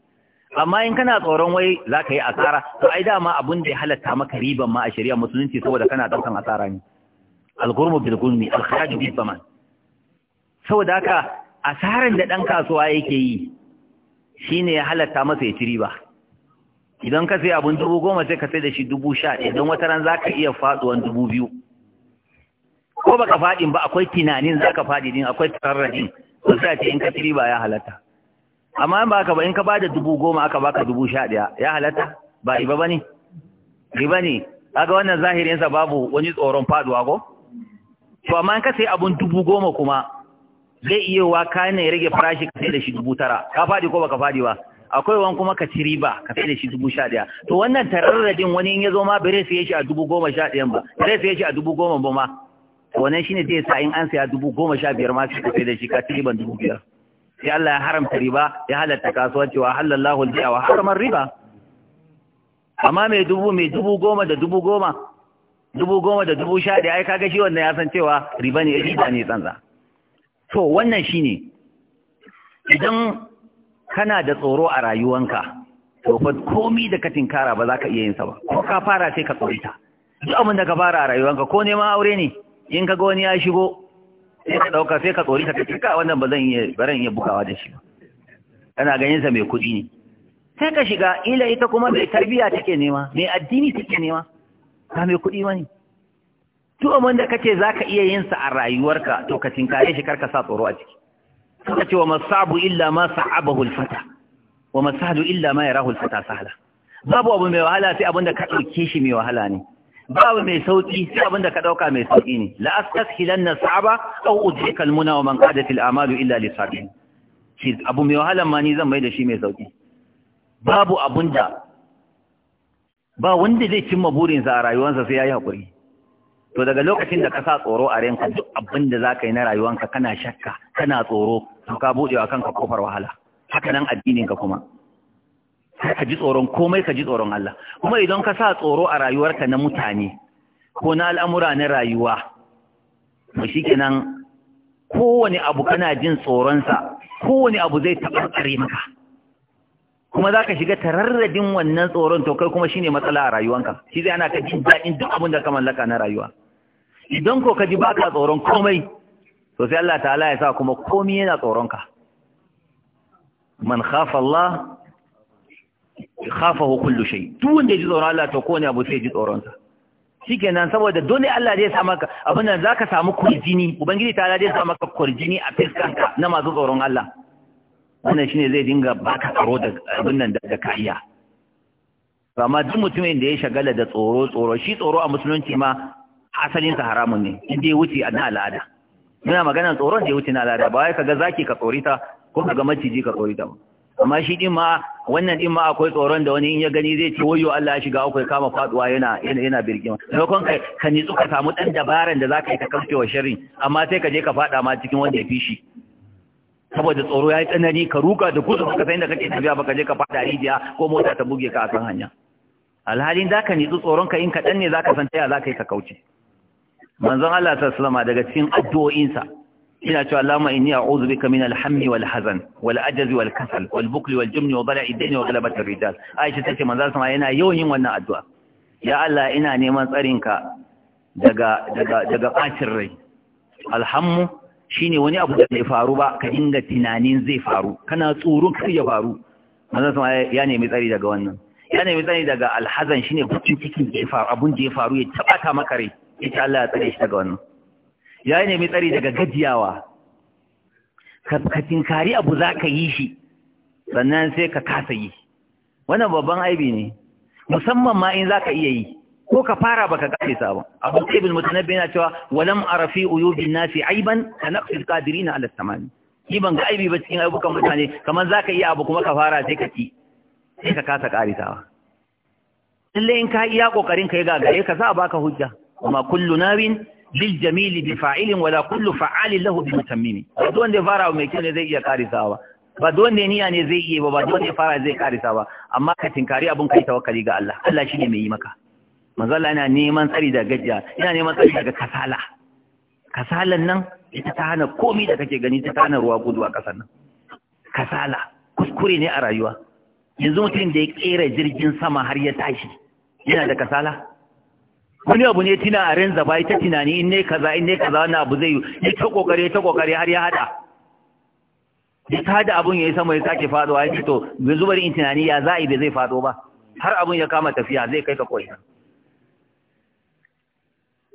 amma in kana tsoron wai za ka yi asara to ai dama abun da ya halatta maka riban ma a shari'a musulunci saboda kana daukan asara ne al-ghurmu bil ghurmi al-kharaj bil zaman saboda haka asaran da dan kasuwa yake yi shine ya halatta masa ya ci riba idan ka sai abun dubu goma sai ka sai da shi dubu sha ɗaya don wata ran za ka iya faɗuwan dubu biyu ko baka faɗin ba akwai tunanin za ka faɗi din akwai tararradin ko sai a ce in ka ci riba ya halatta amma ba ka ba in ka ba da dubu goma aka baka dubu sha ɗaya ya halatta ba riba ba ne riba ne kaga wannan zahirinsa babu wani tsoron faduwa ko to amma in ka sai abun dubu goma kuma zai iya wa kayan ya rage farashi ka sai da shi dubu tara ka faɗi ko baka faɗi ba akwai wani kuma ka ci riba ka sai da shi dubu sha ɗaya to wannan tararradin wani in ya zo ma bai sai shi a dubu goma sha ɗayan ba bai sai shi a dubu goma ba ma wannan shine zai sa in an saya dubu goma sha biyar ma sai ka sai da shi ka ci riban dubu biyar sai Allah ya haramta riba ya halatta kasuwanci wa halallahu al-bai'a wa harama riba amma mai dubu mai dubu goma da dubu goma dubu goma da dubu sha ɗaya ai kaga shi wannan ya san cewa riba ne riba ne tsanza. to wannan shine idan kana da tsoro a rayuwanka to fa komai da ka tinkara ba za ka iya yin sa ba ko ka fara sai ka tsorita duk abin da ka fara a rayuwanka ko neman aure ne in ka ga wani ya shigo sai ka ɗauka sai ka tsori ka tafi wannan ba zan iya baran iya bukawa da shi ba kana ganin sa mai kuɗi ne sai ka shiga ila ita kuma mai tarbiya take nema mai addini take nema ba mai kuɗi ba ne duk abin da kace zaka iya yin sa a rayuwarka to ka tinkare shi karka sa tsoro a ciki suka ce wa masabu illa ma sa'abahu al-fata wa masalu illa ma yarahu al-fata sahla babu abu mai wahala sai abin da ka dauke shi mai wahala ne babu mai sauki sai abinda ka dauka mai sauki ne la hilanna sa'aba aw udhikal munaw man qadat illa sabin shi abu mai wahala ma ni zan mai da shi mai sauki babu abunda ba wanda zai cimma burinsa a rayuwarsa sai yayi hakuri to daga lokacin da ka sa tsoro a ranka duk abinda zaka yi na rayuwanka kana shakka kana tsoro to ka bude wa kanka kofar wahala haka nan addinin ka kuma ka ji tsoron komai ka ji tsoron Allah kuma idan ka sa tsoro a rayuwarka na mutane ko na al'amura na rayuwa mu shikenan kowane abu kana jin tsoronsa kowane abu zai tabbatare maka kuma za ka shiga tararradin wannan tsoron to kai kuma shine matsala a rayuwanka shi zai ana ka jin daɗin duk abin da ka mallaka na rayuwa idan ko ka ji baka tsoron komai to sai Allah ta'ala ya sa kuma komai yana tsoronka man khafa Allah khafahu kullu shay duk wanda ji tsoron Allah to ko ne abu sai ji tsoron sa shikenan saboda dole Allah zai sa maka abin nan zaka samu kurjini ubangiji ta zai sa maka kurjini a fiskan ka na masu tsoron Allah wannan shine zai dinga baka tsoro da abin nan da kariya amma duk mutumin da ya shagala da tsoro tsoro shi tsoro a musulunci ma asalin sa haramun ne inda ya wuce na al'ada muna magana tsoron da ya wuce na al'ada ba wai kaga zaki ka tsorita ko kaga maciji ka tsorita ba amma shi din ma wannan din ma akwai tsoron da wani in ya gani zai ce wayo Allah ya shiga uku ya kama faduwa yana yana yana birgima lokon kai ka ni tsuka samu dan dabaran da zaka yi ka kauce wa sharri amma sai ka je ka fada ma cikin wanda ya fishi saboda tsoro yayi tsanani ka ruka da kusa ka san da kake tafiya ba ka je ka fada rijiya ko mota ta buge ka akan hanya alhalin ka ni tsoron ka in ka dan ne zaka san taya zaka yi ka kauce manzon Allah sallallahu alaihi wasallam daga cikin addu'o'insa ina cewa Allahumma inni a'udhu bika min al-hammi wal hazan wal ajzi wal kasal wal bukli wal jumni wa bala'i dini wa ghalabati ar-rijal Aisha tace manzo sama yana yawan yin wannan addu'a ya Allah ina neman tsarinka daga daga daga bacin rai alhammu shine wani abu da bai faru ba ka inga tunanin zai faru kana tsoron kar ya faru manzo sama ya nemi tsari daga wannan ya nemi tsari daga alhazan shine bucin cikin da ya faru abun da ya faru ya tabata maka rai ita Allah ya tsare shi daga wannan ya nemi tsari daga gajiyawa ka tinkari abu za ka yi shi sannan sai ka kasa yi wannan babban aibi ne musamman ma in za ka iya yi ko ka fara baka kare sa ba abu ibn mutanabbi na cewa walam arafi uyubin nasi aiban ka naqsil qadirina ala samani ni ban ga aibi ba cikin ayyukan mutane kamar za ka iya abu kuma ka fara sai ka ci sai ka kasa kare sa lalle in ka iya kokarin ka ya gagare ka a baka hujja amma kullu nawin lil jamili bi fa'ilin wala kullu fa'alin lahu bi mutammimi ba wanda ya fara mai kyau zai iya karisawa ba duk wanda niyya ne zai iya ba ba wanda ya fara zai karisa ba amma ka tinkari abun kai tawakkali ga Allah Allah ne mai yi maka manzo Allah yana neman tsari da gajiya yana neman tsari daga kasala kasalan nan ita ta hana komai da kake gani ta hana ruwa gudu a kasan nan kasala kuskure ne a rayuwa yanzu mutum da ya kera jirgin sama har ya tashi yana da kasala wani abu ne tuna a ran zaba ita tunani in ne kaza in ne kaza wani abu zai yi ya ta kokare ta kokare har ya hada ya ta hada abun ya yi sama ya sake faduwa ya ce to yanzu bari in tunani ya za'i bai zai fado ba har abun ya kama tafiya zai kai ka koyi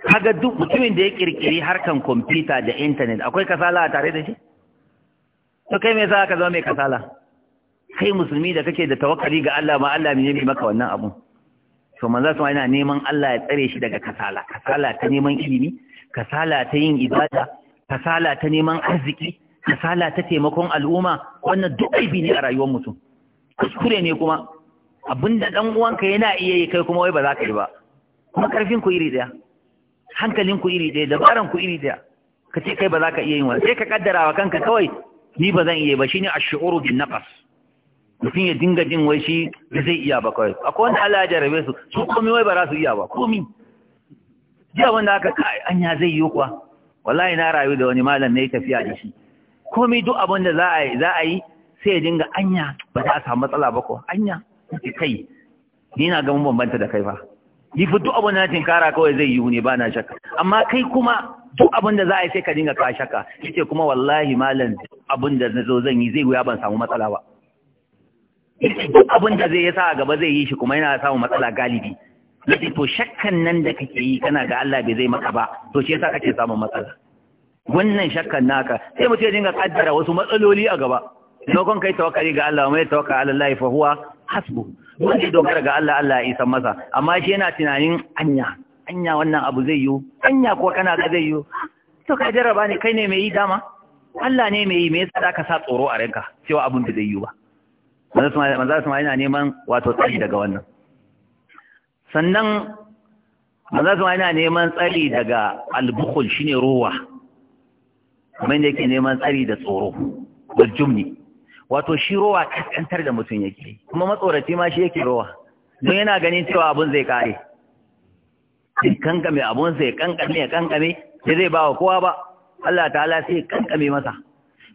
kaga duk mutumin da ya kirkiri harkan kwamfuta da intanet akwai kasala a tare da shi to kai me yasa ka zama mai kasala kai musulmi da kake da tawakkali ga Allah ma Allah ne maka wannan abun to manzo sama yana neman Allah ya tsare shi daga kasala kasala ta neman ilimi kasala ta yin ibada kasala ta neman arziki kasala ta taimakon al'umma wannan duk aibi ne a rayuwar mutum kuskure ne kuma abinda dan uwanka yana iya yi kai kuma wai ba za ka yi ba kuma karfin ku iri daya hankalin ku iri daya dabaran ku iri daya ka ce kai ba za ka iya yin wani sai ka kaddara wa kanka kawai ni ba zan iya ba shine ash-shu'uru bin naqas mutum ya dinga jin wai shi da zai iya ba kawai akwai wani Allah ya jarabe su su komi wai ba za su iya ba komi jiya wanda aka kai anya zai yi kuwa wallahi na rayu da wani malam ne tafiya da shi komi duk abin da za a yi za a yi sai ya dinga anya ba za a samu matsala ba ko anya ki kai ni na ga mun bambanta da kai fa ni fa duk abin da na tinkara kawai zai yi ne ba na shakka amma kai kuma duk abin da za a yi sai ka dinga ka shakka kike kuma wallahi malam abin da zo zan yi zai wuya ban samu matsala ba duk abin da zai yasa a gaba zai yi shi kuma yana samun matsala galibi yadda to shakkan nan da kake yi kana ga Allah bai zai maka ba to shi yasa kake samun matsala wannan shakkan naka sai mutum ya dinga kaddara wasu matsaloli a gaba lokon kai tawakkali ga Allah mai tawakkal ala Allah fa huwa hasbu wanda ya dogara ga Allah Allah ya isa masa amma shi yana tunanin anya anya wannan abu zai yi anya ko kana ga zai yi to ka jarraba ne kai ne mai yi dama Allah ne mai yi me yasa ka sa tsoro a ranka cewa abin da zai yiwu ba manzo sama yana neman wato tsari daga wannan sannan manzo sama yana neman tsari daga albukhul shine ruwa kuma inda yake neman tsari da tsoro wal jumni wato shi ruwa kaskantar da mutum yake kuma matsoraci ma shi yake ruwa don yana ganin cewa abun zai kare in kankame abun sai kankame ya kankame sai zai ba wa kowa ba Allah ta'ala sai kankame masa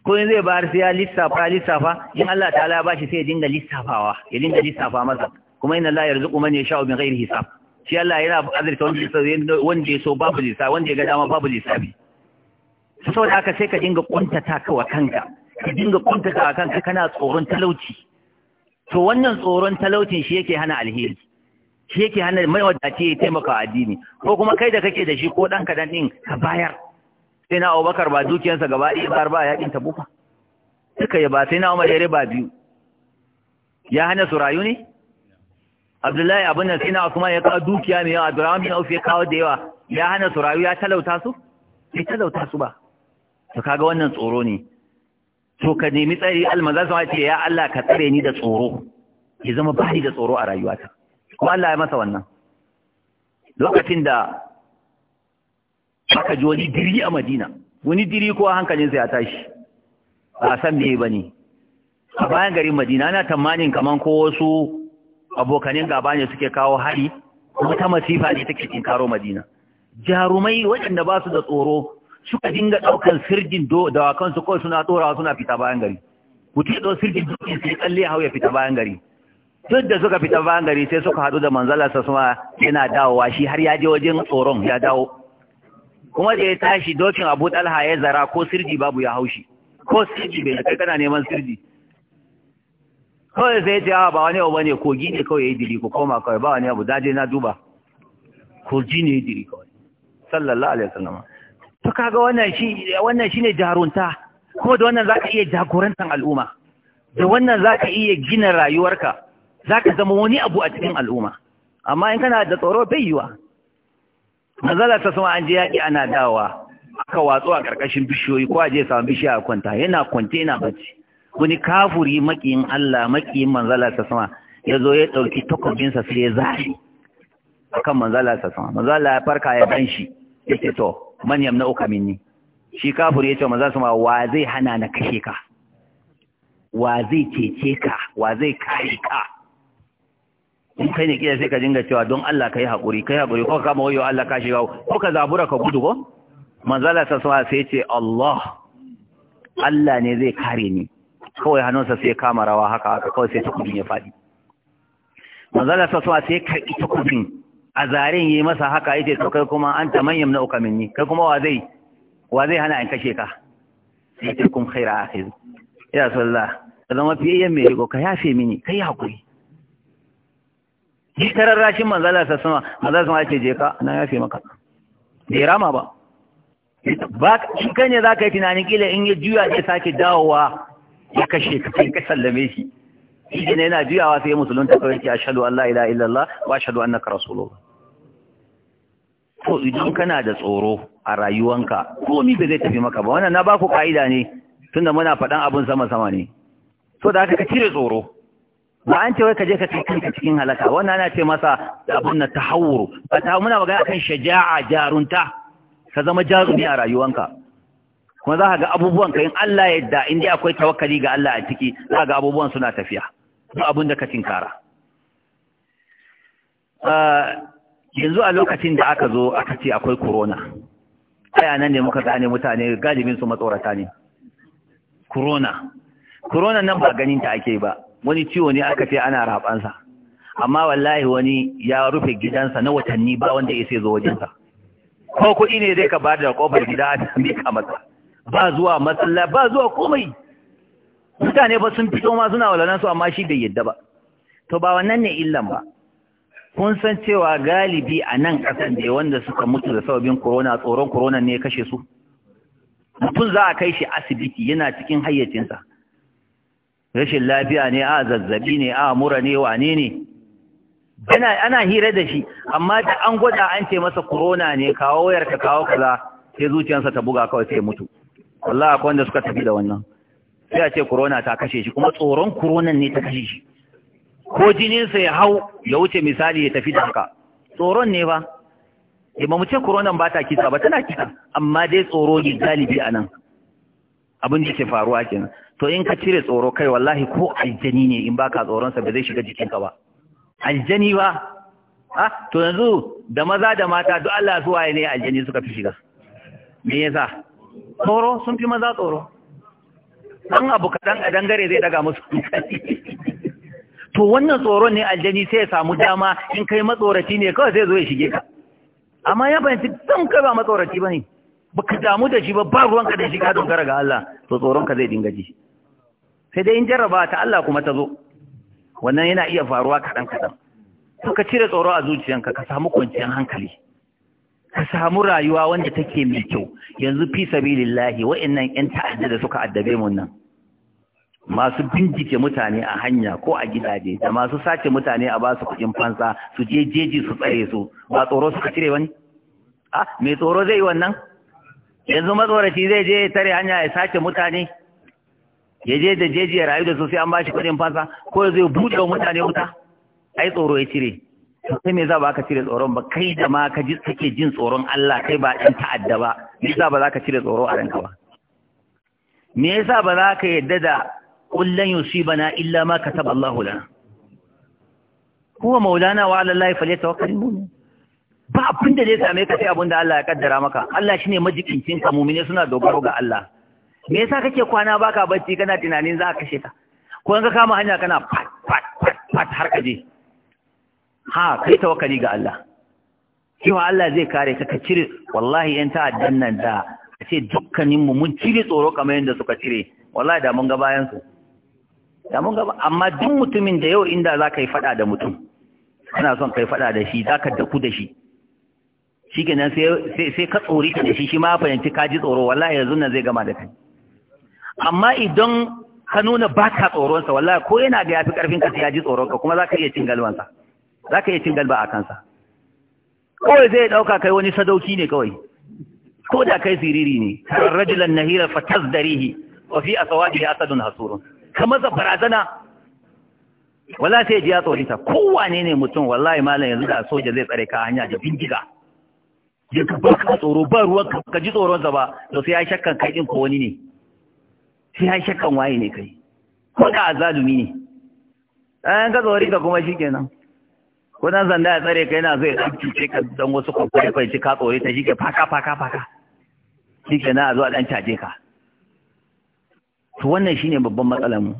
ko in zai bayar sai ya lissafa lissafa in Allah ta'ala ba shi sai ya dinga lissafawa ya dinga lissafa masa kuma inna Allah yarzuqu man yasha'u bi ghairi hisab shi Allah yana azurta wanda ya wanda ya so babu lissafi wanda ya ga dama babu lissafi saboda haka sai ka dinga kuntata wa kanka ka dinga kuntata kanka kana tsoron talauci to wannan tsoron talaucin shi yake hana alheri shi yake hana mai wadace ya taimaka addini ko kuma kai da kake da shi ko dan kadan din ka bayar sai na abubakar ba dukiyarsa gaba ɗaya ba ba ta tabuka suka yi ba sai na umar ya ba biyu ya hana su rayu ne abdullahi abin nan sai na ya kawo dukiya mai yawa abdurrahman bin auf ya kawo da yawa ya hana su rayu ya talauta su bai talauta su ba to kaga wannan tsoro ne to ka nemi tsari almanza sun ce ya Allah ka tsare ni da tsoro ya zama bani da tsoro a rayuwata kuma Allah ya masa wannan lokacin da aka ji wani diri a madina wani diri ko hankalinsa ya tashi a san me ba ne a bayan garin madina ana tamanin kaman ko wasu abokanin gaba ne suke kawo hari ta masifa ne take cikin karo madina jarumai waɗanda ba su da tsoro suka dinga ɗaukar sirgin dawakan su kawai suna tsorawa suna fita bayan gari ce ɗau sirgin dokin sai tsalle hau ya fita bayan gari duk da suka fita bayan gari sai suka hadu da manzala sa suma yana dawowa shi har ya je wajen tsoron ya dawo kuma da ya tashi dokin abu talha ya zara ko sirji babu ya haushi ko sirji bai kai kana neman sirji kawai sai jawa ah, ba wani abu ne kogi ne kawai ya yi diri ko koma kawai ba wani abu daje na duba kogi ne ya yi diri kawai sallallahu alaihi wasallam to kaga wannan shi wannan shine jarunta ko da wannan zaka iya jagorantar al'umma da wannan zaka iya gina rayuwarka zaka zama wani abu a cikin al'umma amma in kana da tsoro bai yiwa manzala ta sama an je yaƙi ana dawa aka watsu a ƙarƙashin bishiyoyi ko a je samu bishiya a kwanta yana kwantena yana bacci wani kafuri maƙiyin Allah maƙiyin manzala ta sama ya zo ya ɗauki takobinsa sai ya zari a kan manzala ta sama manzala ya farka ya dan shi ya ce to manyan na uka minni shi kafuri ya ce manzala sama wa zai hana na kashe ka wa zai cece ka wa zai kare ka in kai ne kiyaye sai ka dinga cewa don Allah kai haƙuri kai haƙuri ko kama wayo Allah ka shiga ko ka zabura ka gudu ko manzala ta sa sai ce Allah Allah ne zai kare ni kawai hannunsa sai kama rawa haka haka kawai sai takubin ya faɗi manzala ta sa sai karɓi takubin a zaren yi masa haka yace to kai kuma an ta manyan na uka minni kai kuma wa zai wa zai hana an kashe ka sai kun khaira akhiru ya sallah zama fiye mai riko ka yafe mini kai haƙuri ni tarar rashin manzala ta sama manzala sama ya ce je ka na yafe maka bai rama ba ba kan kai za ka yi tunanin kila in yi juya ce sake dawowa ya kashe ka ka sallame shi shi ne yana juyawa sai ta kawai ki ila an Allah, ilaha illallah wa ka rasulo ba to idan kana da tsoro a rayuwanka mi ba zai tafi maka ba wannan na baku ka'ida ne tunda muna faɗan abun sama sama ne to da haka ka cire tsoro ba an ce wai ka je ka kai kanka cikin halaka wannan ana ce masa abun na tahawuru ba ta muna magana akan shaja'a jarunta ka zama jarumi a rayuwanka kuma za ka ga abubuwan ka in Allah ya yarda in dai akwai tawakkali ga Allah a ciki za ka ga abubuwan suna tafiya duk abun da ka tinkara ah, yanzu a lokacin da aka zo aka ce akwai corona ai nan ne muka gane mutane galibin su matsorata ne corona corona nan ba ganin ta ake ba wani ciwo ne aka ce ana rabansa amma wallahi wani ya rufe gidansa na watanni ba wanda ya sai zo wajensa ko kuɗi ne zai ka ba da kofar gida ta mika masa ba zuwa matsala ba zuwa komai mutane ba sun fito ma suna walalan su amma shi bai yadda ba to ba wannan ne illan ba kun san cewa galibi a nan kasan da wanda suka mutu da sababin corona tsoron corona ne ya kashe su mutum za a kai shi asibiti yana cikin hayyacinsa rashin lafiya ne a zazzabi ne a mura ne wane ne yana ana hira da shi amma da an gwada an ce masa corona ne kawo wayar ka kawo kaza sai zuciyarsa ta buga kawai sai mutu wallahi akwai wanda suka tafi da wannan sai a ce corona ta kashe shi kuma tsoron corona ne ta kashe shi ko jininsa ya hau ya wuce misali ya tafi da haka tsoron ne ba eh, ba mu ce corona ba ta kisa ba tana kisa amma dai tsoro ne galibi a nan abin da ke faruwa kenan to in ka cire tsoro kai wallahi ko aljani ne in baka tsoronsa ba zai shiga jikinka ba aljani ba ah to yanzu da maza da mata duk Allah su waye ne aljani suka fi shiga me yasa tsoro sun fi maza tsoro dan abu kadan a dangare zai daga musu to wannan tsoron ne aljani sai ya samu dama in kai matsoraci ne kawai zai zo ya shige ka amma ya fahimci don kai ba matsoraci bane baka damu da shi ba ba ruwanka da shi ka dogara ga Allah to tsoronka zai dinga ji sai dai in jarraba ta Allah kuma ta zo wannan yana iya faruwa kaɗan kaɗan to ka cire tsoro a zuciyanka ka samu kwanciyar hankali ka samu rayuwa wanda take mai kyau yanzu fi sabilillahi wa'annan yan ta'adda da suka addabe mu nan masu bincike mutane a hanya ko a gidaje da masu sace mutane a basu kuɗin fansa su je jeji su tsare su ba tsoro suka cire wani a ah, mai tsoro zai yi wannan yanzu matsoraci zai je ya tare hanya ya sace mutane ya je da jeji ya rayu da su sai an bashi kudin fasa ko ya zai buɗe wa mutane wuta ai tsoro ya cire sai me za ba ka cire tsoron ba kai da ma ka ji sake jin tsoron Allah kai ba ɗan ta'adda ba me yasa ba za ka cire tsoro a ranka ba me yasa ba za ka yadda da kullan yusibana illa ma kataba Allahu lana huwa maulana wa ala Allah falyatawakkalul mu'min ba abin da zai same ka sai abin da Allah ya kaddara maka Allah shine majikincin ka mu'mini suna dogaro ga Allah me yasa kake kwana baka bacci kana tunanin za ka kashe ka ko an ka kama hanya kana pat pat pat pat har ka je ha kai tawakkali ga Allah cewa Allah zai kare ka ka cire wallahi yan ta'addan nan da a ce dukkaninmu mun cire tsoro kamar yadda suka cire wallahi da mun ga bayan su da mun ga amma duk mutumin da yau inda za ka yi fada da mutum kana son kai fada da shi za ka daku da shi shi kenan sai ka tsori ka da shi shi ma fahimci ka ji tsoro wallahi yanzu nan zai gama da kai amma idan ka nuna ba ka tsoronsa wallahi ko yana ga yafi karfin ka ya ji tsoron ka kuma za ka iya cin galbansa za ka iya cin galba a kansa kawai zai ɗauka kai wani sadauki ne kawai ko da kai siriri ne rajulan nahira fa tazdarihi wa fi asawadihi asadun hasurun kamar za barazana wala sai ji ya tsorita kowane ne mutum wallahi malam yanzu da soja zai tsare ka hanya da bindiga ya ka ba ka tsoro ba ruwan ka ji tsoronsa ba to sai ya shakkan kai din ko wani ne sai ya shakkan waye ne kai ko ka azalumi ne ɗayan ka tsori ka kuma shi ko dan zanda ya tsare kai na zai ɗan ce ka dan wasu kwakwai kwanci ka tsore ta shike faka faka faka shi na a zo a ɗan caje ka to wannan shine babban matsalar mu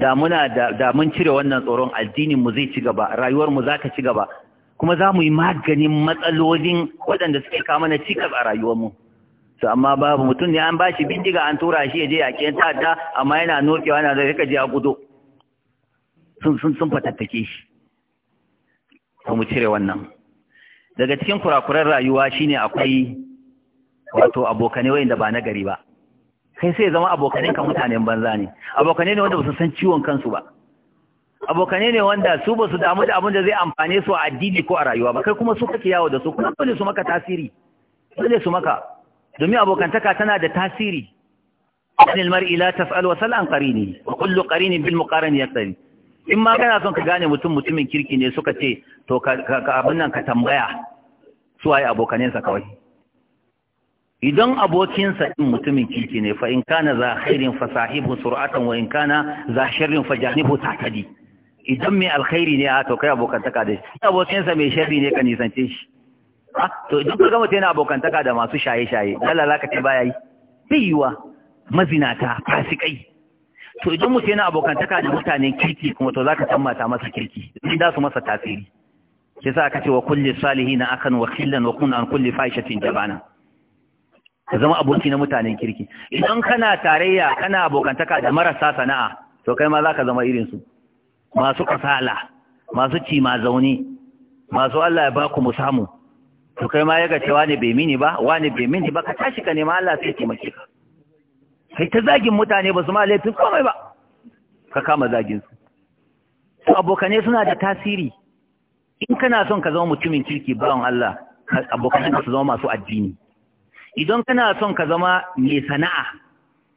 da muna da mun cire wannan tsoron addinin mu zai ci gaba rayuwar mu za ta ci gaba kuma za mu yi maganin matsalolin waɗanda suke kama na cikas a rayuwarmu to amma babu mutum ne an bashi bindiga an tura shi ya je a ta ta'adda amma yana nokewa yana zai kaje a gudu sun sun sun fatattake shi mu cire wannan daga cikin kurakuran rayuwa shine akwai wato abokane wayanda ba na gari ba kai sai zama abokanen ka mutanen banza ne abokane ne wanda ba su san ciwon kansu ba abokane ne wanda su ba su damu da abin da zai amfane su a addini ko a rayuwa ba kai kuma su kake yawo da su kuma dole su maka tasiri dole su maka domin abokantaka tana da tasiri an mar'i la tas'al wa sal an qarini wa kullu qarini bil muqarani yaqtari in ma kana son ka gane mutum mutumin kirki ne suka ce to ka abin nan ka tambaya su waye abokanensa kawai idan abokinsa din mutumin kirki ne fa in kana za khairin fa sahibu sur'atan wa in kana za sharrin fa janibu ta'tadi idan mai alkhairi ne a to kai abokantaka da shi abokinsa mai sharri ne ka nisance shi to idan ka gama yana abokantaka da masu shaye-shaye lalala ka ce baya yi Biyuwa, mazinata fasikai to idan mutum yana abokantaka da mutanen kirki kuma to za ka tammata masa kirki in da su masa tasiri ke sa ka ce wa kulli na akan wa khillan wa kun an kulli fahishatin jabana ka zama aboki na mutanen kirki idan kana tarayya kana abokantaka da marasa sana'a to kai ma za ka zama irin su masu kasala masu ci ma zaune masu Allah ya ba ku mu samu to kai ma yaga cewa ne bai mini ba wani bai mini ba ka tashi ka nema Allah sai taimake ka sai ta zagin mutane ba su ma laifin komai ba ka kama zagin su to abokane suna da tasiri in kana son ka zama mutumin kirki bawan Allah abokane ka su zama masu addini idan kana son ka zama mai sana'a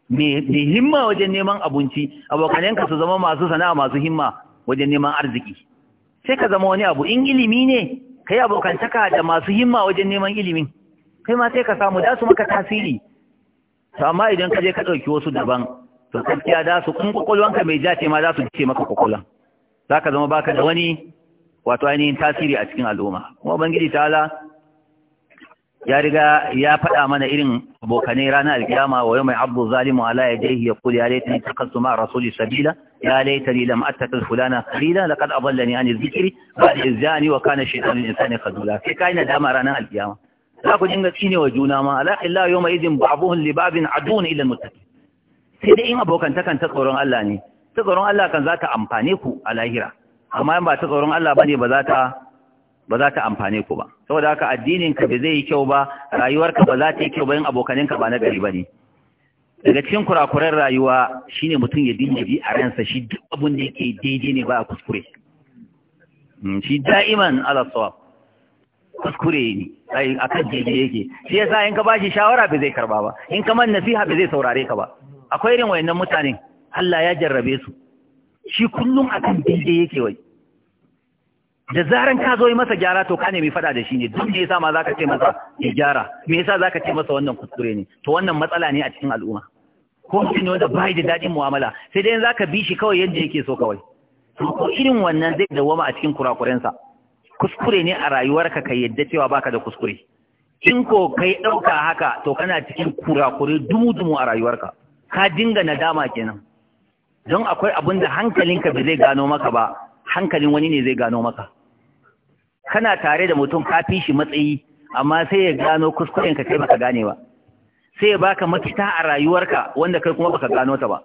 mai himma wajen neman abinci abokanenka su zama masu sana'a masu himma wajen neman arziki sai ka zama wani abu in ilimi ne kai abokantaka da masu himma wajen neman ilimin kai ma sai ka samu da su maka tasiri to amma idan ka je ka ɗauki wasu daban to gaskiya da su kun kwakwalwanka mai ja ce ma za su ce maka kwakwalwan za ka zama baka da wani wato ainihin tasiri a cikin al'umma kuma ubangiji ta'ala ya riga ya faɗa mana irin abokanai ranar alkiyama wa yau mai abu zalimu ala ya ya kuli ya laifin ta kasu ma rasuli sabila يا ليتني لم أتتذ فلانا خليلا لقد أضلني عن الذكر بعد إذاني وكان الشيطان الإنسان خذولا كاين دام رانا القيامة لا قد إنك سيني وجونا ما لا a يومئذ بعضهم لباب عدون إلا المتكين sai in abokan ta Allah ne tsoron Allah kan zata amfane ku a lahira amma in ba tsoron Allah bane ba zata ba zata ku ba saboda haka addinin ka bai zai yi kyau ba rayuwarka ba za ta yi kyau ba in abokaninka ba na gari ba ne. daga cikin kurakuren rayuwa shine mutum ya dinga bi a ransa shi duk abin da yake daidai ne ba a kuskure hmm, shi da'iman ala sawab kuskure ne ai akan daidai yake shi yasa in ka bashi shawara bai zai karba ba in ka man nasiha bai zai saurare ka ba akwai irin wayannan mutanen Allah ya jarrabe su shi kullum akan daidai yake wai da zaran ka zo yi masa gyara to ka nemi fada da shi ne duk me yasa ma zaka ce masa ya gyara me yasa zaka ce masa wannan kuskure ne to wannan matsala ne a cikin al'umma ko mutum ne wanda bai da daɗin mu'amala sai dai za ka bi shi kawai yadda yake so kawai ko irin wannan zai dawwama a cikin kurakurensa kuskure ne a rayuwarka ka yadda cewa baka da kuskure in ko kai ɗauka haka to kana cikin kurakure dumu-dumu a rayuwarka ka dinga nadama kenan don akwai abin da hankalinka ba zai gano maka ba hankalin wani ne zai gano maka kana tare da mutum ka fi shi matsayi amma sai ya gano kuskurenka kai baka gane ba sai ya baka mafita a rayuwarka wanda kai kuma baka gano ta ba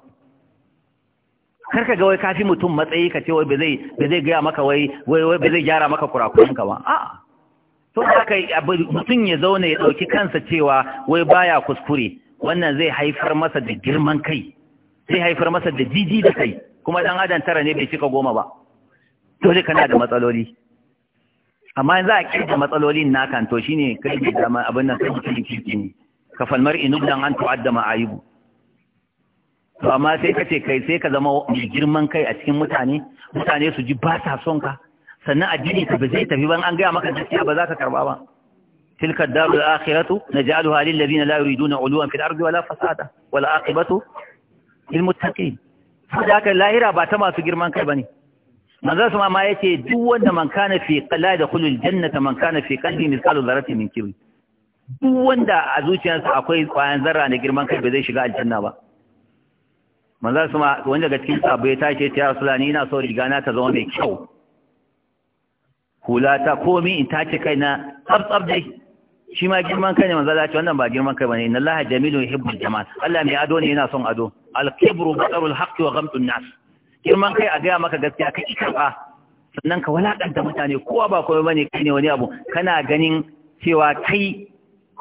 kar ka ga wai kafi mutum matsayi ka ce wai ba zai ba zai gaya maka wai wai ba zai gyara maka kurakuran ka ba a'a to haka mutum ya zauna ya dauki kansa cewa wai baya kuskure wannan zai haifar masa da girman kai zai haifar masa da jiji da kai kuma dan adam tara ne bai cika goma ba dole kana da matsaloli amma yanzu a kirga matsalolin naka to shine kai da dama abin nan kai kike kike ne kafal mar'i nubdan an tu'adda ma'ayibu to amma sai kace kai sai ka zama mai girman kai a cikin mutane mutane su ji ba sa son ka sannan addini ka ba zai tafi ba an gaya maka gaskiya ba za ka karba ba tilka daru akhiratu naj'aluha lil ladina la yuriduna uluwan fil ardi wala fasada wal aqibatu lil muttaqin sadaka lahira ba ta masu girman kai bane manzo su ma yace duk wanda man kana fi da khulul jannata man kana fi qalbi misalu dharatin min kibri duk wanda a zuciyarsa akwai kwayan zarra na girman kai bai zai shiga aljanna ba manzo kuma wanda daga cikin sabu ya tashi ta rasula ni ina so riga na ta zama mai kyau hula ta komi in tace kai na tsab tsab dai shi ma girman kai ne manzo Allah ya ce wannan ba girman kai bane inna Allah Jamilu yuhibbul jamal Allah mai ado ne yana son ado al-kibru batarul haqq wa ghamtun nas girman kai a gaya maka gaskiya kai ba sannan ka walakanta mutane kowa ba kowa bane kai ne wani abu kana ganin cewa kai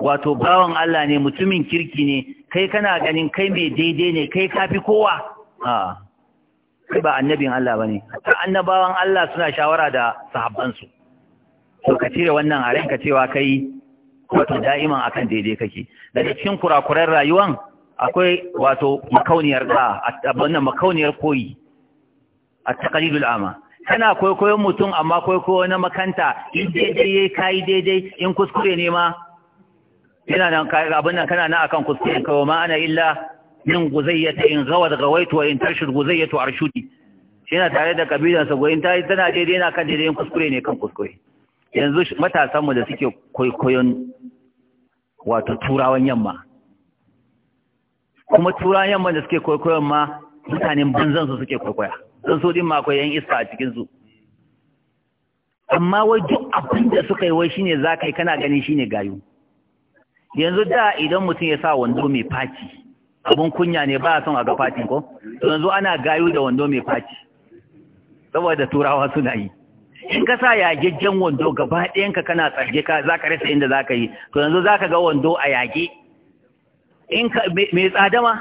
wato bawan Allah ne mutumin kirki ne kai kana ganin kai mai daidai ne kai kafi kowa a kai ba annabin Allah bane ta annabawan Allah suna shawara da sahabbansu to ka cire wannan a ranka cewa kai wato da'iman akan daidai kake daga cikin kurakuran rayuwan akwai wato makauniyar da wannan makauniyar koyi at taqlidul ama kana kwaikwayon mutum amma koyo na makanta in daidai yayi kai daidai in kuskure ne ma yana nan abin nan kana nan akan kuskure kawo ma ana illa min guzayyata in gawad gawaitu wa in tarshir guzayyatu arshudi yana tare da sa goyin ta tana daidai na kan daidai kuskure ne kan kuskure yanzu matasanmu da suke kwaikwayon wato turawan yamma kuma turawan yamma da suke kwaikwayon ma mutanen banzan su suke koyoya don so din ma akwai yan iska a cikin su amma wai duk abin da suka yi wai shine zakai kana gani shine gayu yanzu da idan mutum ya sa wando mai faci abun kunya ne ba son a ga facin ko yanzu ana gayu da wando mai faci saboda turawa suna yi in ka sa yagejen wando gaba ɗayanka kana tsarge ka za ka rasa inda za ka yi to yanzu za ka ga wando a yage in ka mai tsadama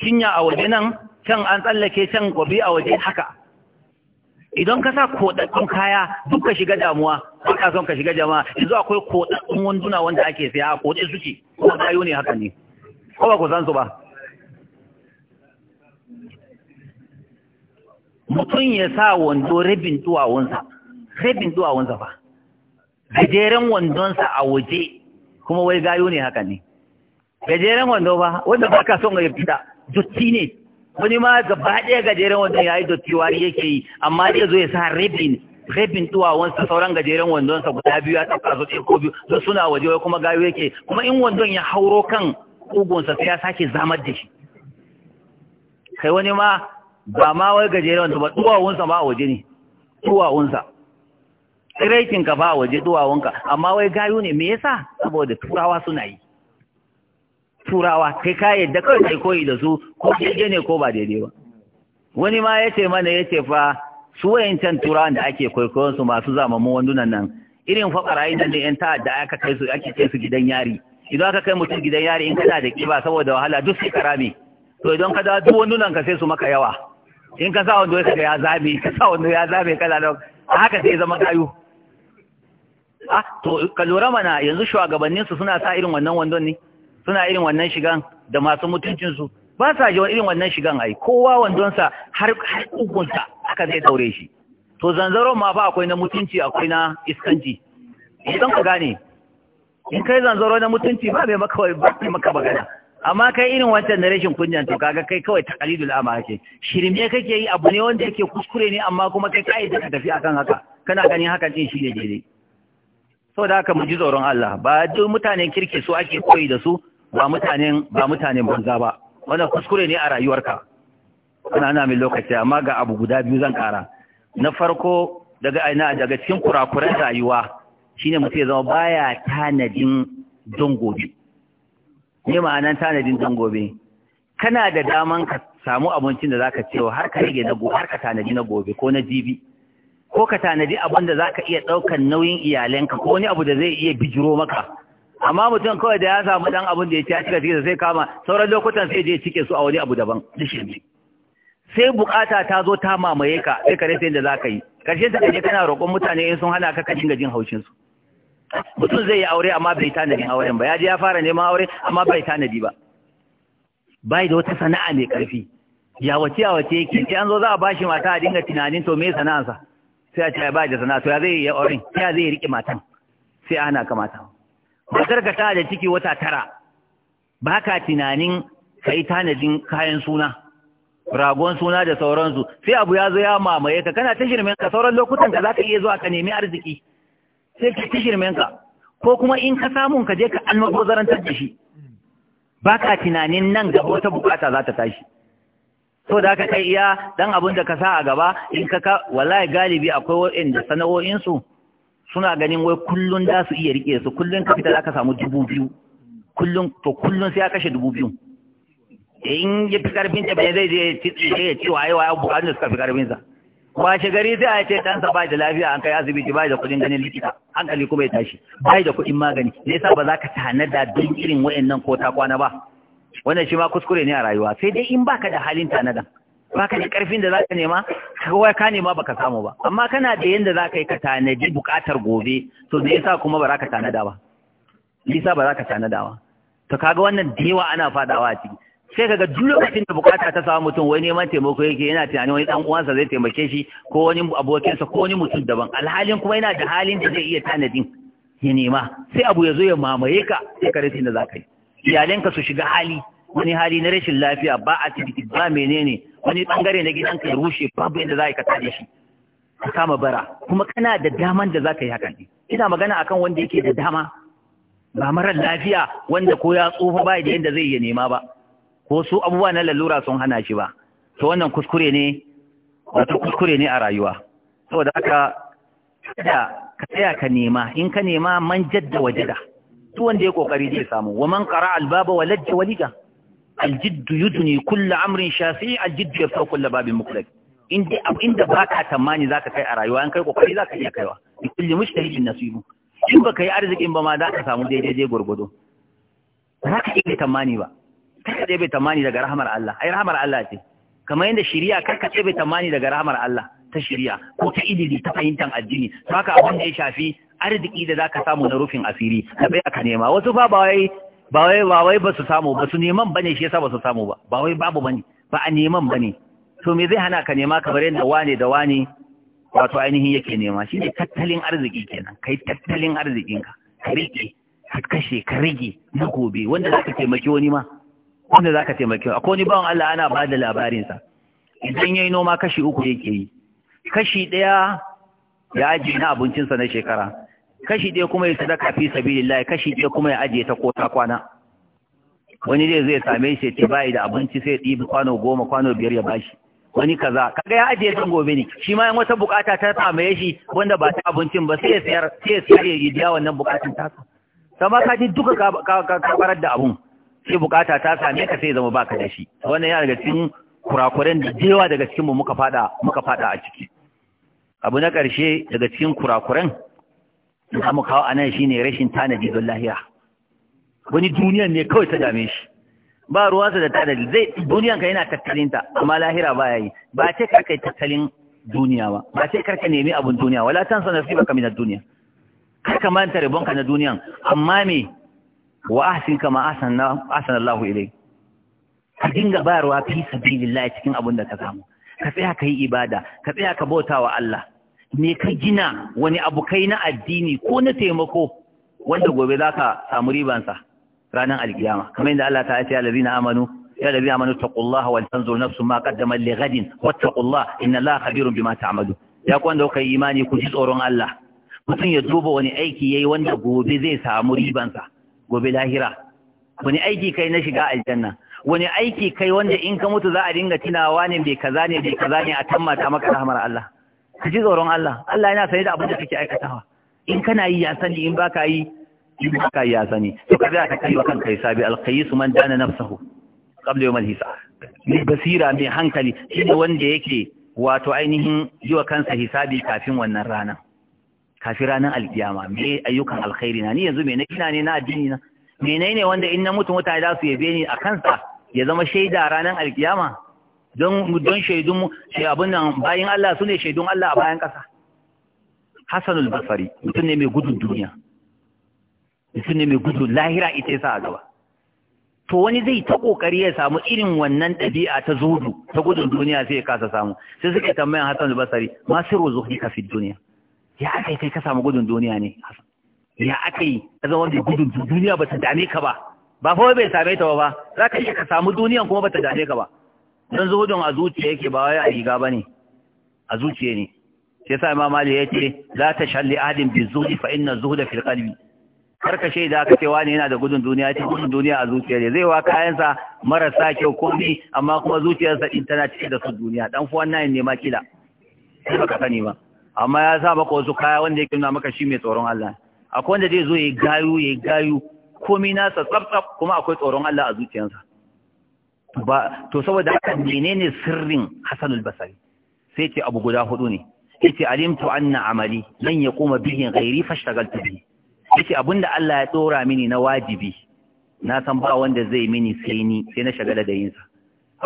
cinya a waje nan can an tsallake can gobe a waje haka idan ka sa kodaddun kaya duk ka shiga damuwa ba ka son ka shiga jama'a yanzu akwai kodaddun wanduna wanda ake saya a kodin suke kuma kayo ne haka ne ko ba ku san su ba mutum ya sa wando rabin duwawunsa rabin duwawunsa fa gajeren wandonsa a waje kuma wai gayo ne haka ne gajeren wando ba wanda ba ka son ya fita dotti ne wani ma gaba ɗaya gajeren wandon ya yi dotti wari yake yi amma zai zo ya sa rabin rabin tuwa wansa sauran gajeren wandonsa guda biyu ya ɗauka zo ɗaya ko biyu zo suna waje wai kuma gayu yake kuma in wandon ya hauro kan ƙugunsa sai ya sake zamar da shi kai wani ma ba ma wai gajeren wanda ba duwawunsa ma a waje ne duwawunsa ka ba a waje duwawunka amma wai gayu ne me yasa saboda turawa suna yi turawa kai ka yadda kawai kai koyi da su ko daidai ne ko ba daidai ba wani ma ya ce mana ya ce fa su wayancan turawan da ake kwaikwayon su masu zamamu wandunan nan irin fa barayi nan ne yan ta'adda aka kai su ake kai su gidan yari idan aka kai mutum gidan yari in kana da kiba saboda wahala duk sai karami to idan ka dawo duk wandunan ka sai su maka yawa in ka sa wando sai ya zabe ka sa wando ya zabe kala da haka sai zama kayu ah to ka lura mana yanzu shugabanninsu suna sa irin wannan wandon ne suna irin wannan shigan da masu mutuncinsu ba sa ji irin wannan shigan ai kowa wandonsa har ƙugunsa haka zai daure shi to zanzaron ma fa akwai na mutunci akwai na iskanci idan ka gane in kai zanzaro na mutunci ba mai maka ba mai maka magana amma kai irin wancan na rashin kunya to kaga kai kawai taqalidul ama ce shirme kake yi abu ne wanda yake kuskure ne amma kuma kai kai da tafi akan haka kana ganin hakan din shi ne daidai saboda haka mu ji tsoron Allah ba duk mutanen kirki su ake koyi da su ba mutanen ba mutanen banza ba wannan kuskure ne a rayuwarka ana na min lokaci amma ga abu guda biyu zan kara na farko daga aina daga cikin kurakuran rayuwa shine mutum ya zama baya tanadin don gobe ne ma'anan tanadin don gobe kana da daman ka samu abincin da zaka ciwo har ka rige na har ka tanadi na gobe ko na jibi ko ka tanadi abin da zaka iya daukan nauyin iyalanka ko wani abu da zai iya bijiro maka amma mutum kawai da ya samu dan abin da ya ci a cika cike sai kama sauran lokutan sai je cike su a wani abu daban dishin sai bukata ta zo ta mamaye ka sai ka rasa yadda za ka yi karshen ta kaje kana roƙon mutane in sun hana ka ka dinga jin haushin su mutum zai yi aure amma bai tanadi auren ba ya je ya fara neman aure amma bai tanadi ba bai da wata sana'a mai karfi ya wace ya wace yake sai an zo za a bashi mata a dinga tunanin to me sana'ansa sai a ce ba da sana'a to ya zai yi auren ya zai riƙe matan sai a hana ka matan. matar ka ta da ciki wata tara ba ka tunanin ka yi tanadin kayan suna ragon suna da sauransu sai abu ya zo ya mamaye ka kana ta shirmen ka sauran lokutan ka za ka iya zuwa ka nemi arziki sai ka ta shirmen ka ko kuma in ka samun ka je ka zarantar da shi ba ka tunanin nan gaba wata bukata za ta tashi so da aka kai iya dan abin da ka sa a gaba in ka ka wallahi galibi akwai waɗanda sana'o'insu suna ganin wai kullun da su iya rike su kullun ka fita za samu dubu biyu kullun to kullun sai ya kashe dubu biyu eh, in ya fi karfin ta bai zai je ya ce waye waye bukatun da suka fi karfin sa shi gari sai a ce ɗansa ba da lafiya an kai asibiti bai da kuɗin ganin likita hankali kuma ya tashi ba da kuɗin magani me yasa ba za ka tana da don irin wayannan ko ta kwana ba wannan shi ma kuskure ne a rayuwa sai dai in baka da halin tana da. baka da karfin da zaka nema kawai ka nema baka samu ba amma kana da yanda zaka yi ka tanadi bukatar gobe to da yasa kuma ba ka tanada ba yasa ba ka tanada ba to kaga wannan da ana fadawa a ciki sai kaga duk lokacin da bukata ta samu mutum wai neman taimako yake yana tunanin wani dan uwansa zai taimake shi ko wani abokinsa ko wani mutum daban alhalin kuma yana da halin da zai iya tanadin ya nema sai abu ya zo ya mamaye ka sai ka rasa da zaka yi iyalanka su shiga hali wani hali na rashin lafiya ba a ciki ba menene wani bangare na gidan ka rushe babu yadda za ka tare shi ka kama bara kuma kana da daman da za ka yi hakan ne ina magana akan wanda yake da dama ba marar lafiya wanda ko ya tsufa ba da yadda zai iya nema ba ko su abubuwa na lalura sun hana shi ba to wannan kuskure ne wato kuskure ne a rayuwa saboda haka kada ka tsaya ka nema in ka nema man jadda wajada duk wanda ya kokari zai samu wa man qara albaba walajja walida الجد يدني كل أمر شافي الجد يفتح كل باب مقلق inda inda baka tamani zaka kai a rayuwa in kai kokari zaka iya kaiwa in kulli mujtahidin nasibu in ka yi arzikin ba ma ka samu daidai dai za ka iya tamani ba kar ka bai tamani daga rahmar Allah ai rahmar Allah ce kamar yadda shari'a kar ka bai tamani daga rahmar Allah ta shari'a ko ta ilimi ta fahimtar addini saka abin da ya shafi arziki da zaka samu na rufin asiri ka bai aka nema wasu fa ba wai ba wai ba wai ba su samu ba su neman bane shi yasa ba su samu ba ba wai babu bane ba a neman bane to me zai hana ka nema kamar yadda wane da wane wato ainihin yake nema shine tattalin arziki kenan kai tattalin arzikinka ka rike ka kashe ka rage na gobe wanda zaka taimaki wani ma wanda zaka taimaki akwai wani bawan Allah ana ba da labarin sa idan yayi noma kashi uku yake yi kashi ɗaya ya ajiye na abincin sa na shekara kashi ɗaya kuma ya sadaka fi sabilillah kashi ɗaya kuma ya ajiye ta ko ta kwana wani zai zai same shi ce bai da abinci sai ɗibi kwano goma kwano biyar ya bashi wani kaza kaga ya ajiye don gobe ne shi ma yan wata bukata ta same shi wanda ba ta abincin ba sai ya sayar sai ya sayar ya biya wannan bukatun taka sama ka ji duka ka karar da abun sai bukata ta same ka sai zama baka da shi wannan yana daga cikin kurakuren da jewa daga cikin mu muka fada muka fada a ciki abu na karshe daga cikin kurakuren da mu kawo shi shine rashin tanadi don lahira wani duniyan ne kawai ta dame shi ba ruwansa da tanadi zai duniyan ka yana tattalin ta amma lahira ba ya yi. ba ce kar yi tattalin duniya ba ba ce kar ka nemi abun duniya wala tansa nasibaka min ad-dunya kar ka manta ka na duniyan amma me wa ahsin kama ahsanna ahsana Allahu ilai ka dinga bayarwa fi sabilillah cikin abin da ka samu ka tsaya ka yi ibada ka tsaya ka bauta wa Allah me ka gina wani abu kai na addini ko na taimako wanda gobe za ka samu ribansa ranar alkiyama kamar yadda Allah ta ce alazina amanu ya alazina amanu taqullaha wal tanzur nafsu ma qaddamat li ghadin wattaqullaha inna Allaha khabirun bima ta'malun ya ku wanda kuka yi imani ku ji tsoron Allah mutum ya duba wani aiki yayi wanda gobe zai samu ribansa gobe lahira wani aiki kai na shiga aljanna wani aiki kai wanda in ka mutu za a dinga tunawa ne bai kaza ne bai kaza ne a tammata maka rahmar Allah ka ji tsoron Allah Allah yana sani da abin da kake aikatawa in kana yi ya sani in baka yi in baka yi ya sani to ka zaka kai wa kanka hisabi al-qayyis man dana nafsahu qabla yawm al ni basira mai hankali shine wanda yake wato ainihin yi wa kansa hisabi kafin wannan rana kafin ranar alkiyama me ayyukan alkhairi na ni yanzu me na kina ne na addini na menene wanda in na mutu mutane za su yabe ni a kansa ya zama shaida ranar alkiyama don shaidun eh, abin nan bayan Allah su ne shaidun Allah a bayan ƙasa Hassanul Basari, mutum ne mai gudun duniya mutum ne mai gudun lahira ita yasa a gaba to wani zai ta ƙoƙari ya samu irin wannan ɗabi'a ta zudu ta gudun duniya sai ya kasa samu sai suka tambayan Hassanul Basari, ma rozo ya kafi duniya ya yi kai ka samu gudun duniya ne Hassan ya yi. ka zama mai gudun duniya ba ta dame ka ba ba fa bai same ta ba ba za ka iya ka samu duniyan kuma ba ta dame ka ba dan zuhudun a zuciya yake ba wai a riga bane a zuciya ne sai sai imam mali ya ce la ta shalli adin bi zuhdi fa inna zuhda fil qalbi karka shaida ka ce wani yana da gudun duniya ce gudun duniya a zuciya ne zai wa kayansa marasa kyau komai amma kuma zuciyarsa din tana cike da su duniya dan fuwan nan ne ma kila sai baka sani ba amma ya sa maka wasu kaya wanda yake nuna maka shi mai tsoron Allah akwai wanda zai zo ya gayu ya gayu komai nasa tsaf kuma akwai tsoron Allah a zuciyarsa ba to saboda haka menene sirrin hasanul al-Basri sai ce abu guda hudu ne yace alimtu anna amali lan yaquma bihi ghairi fashtagaltu bihi yace abinda Allah ya dora mini na wajibi na san ba wanda zai mini sai ni sai na shagala da yin sa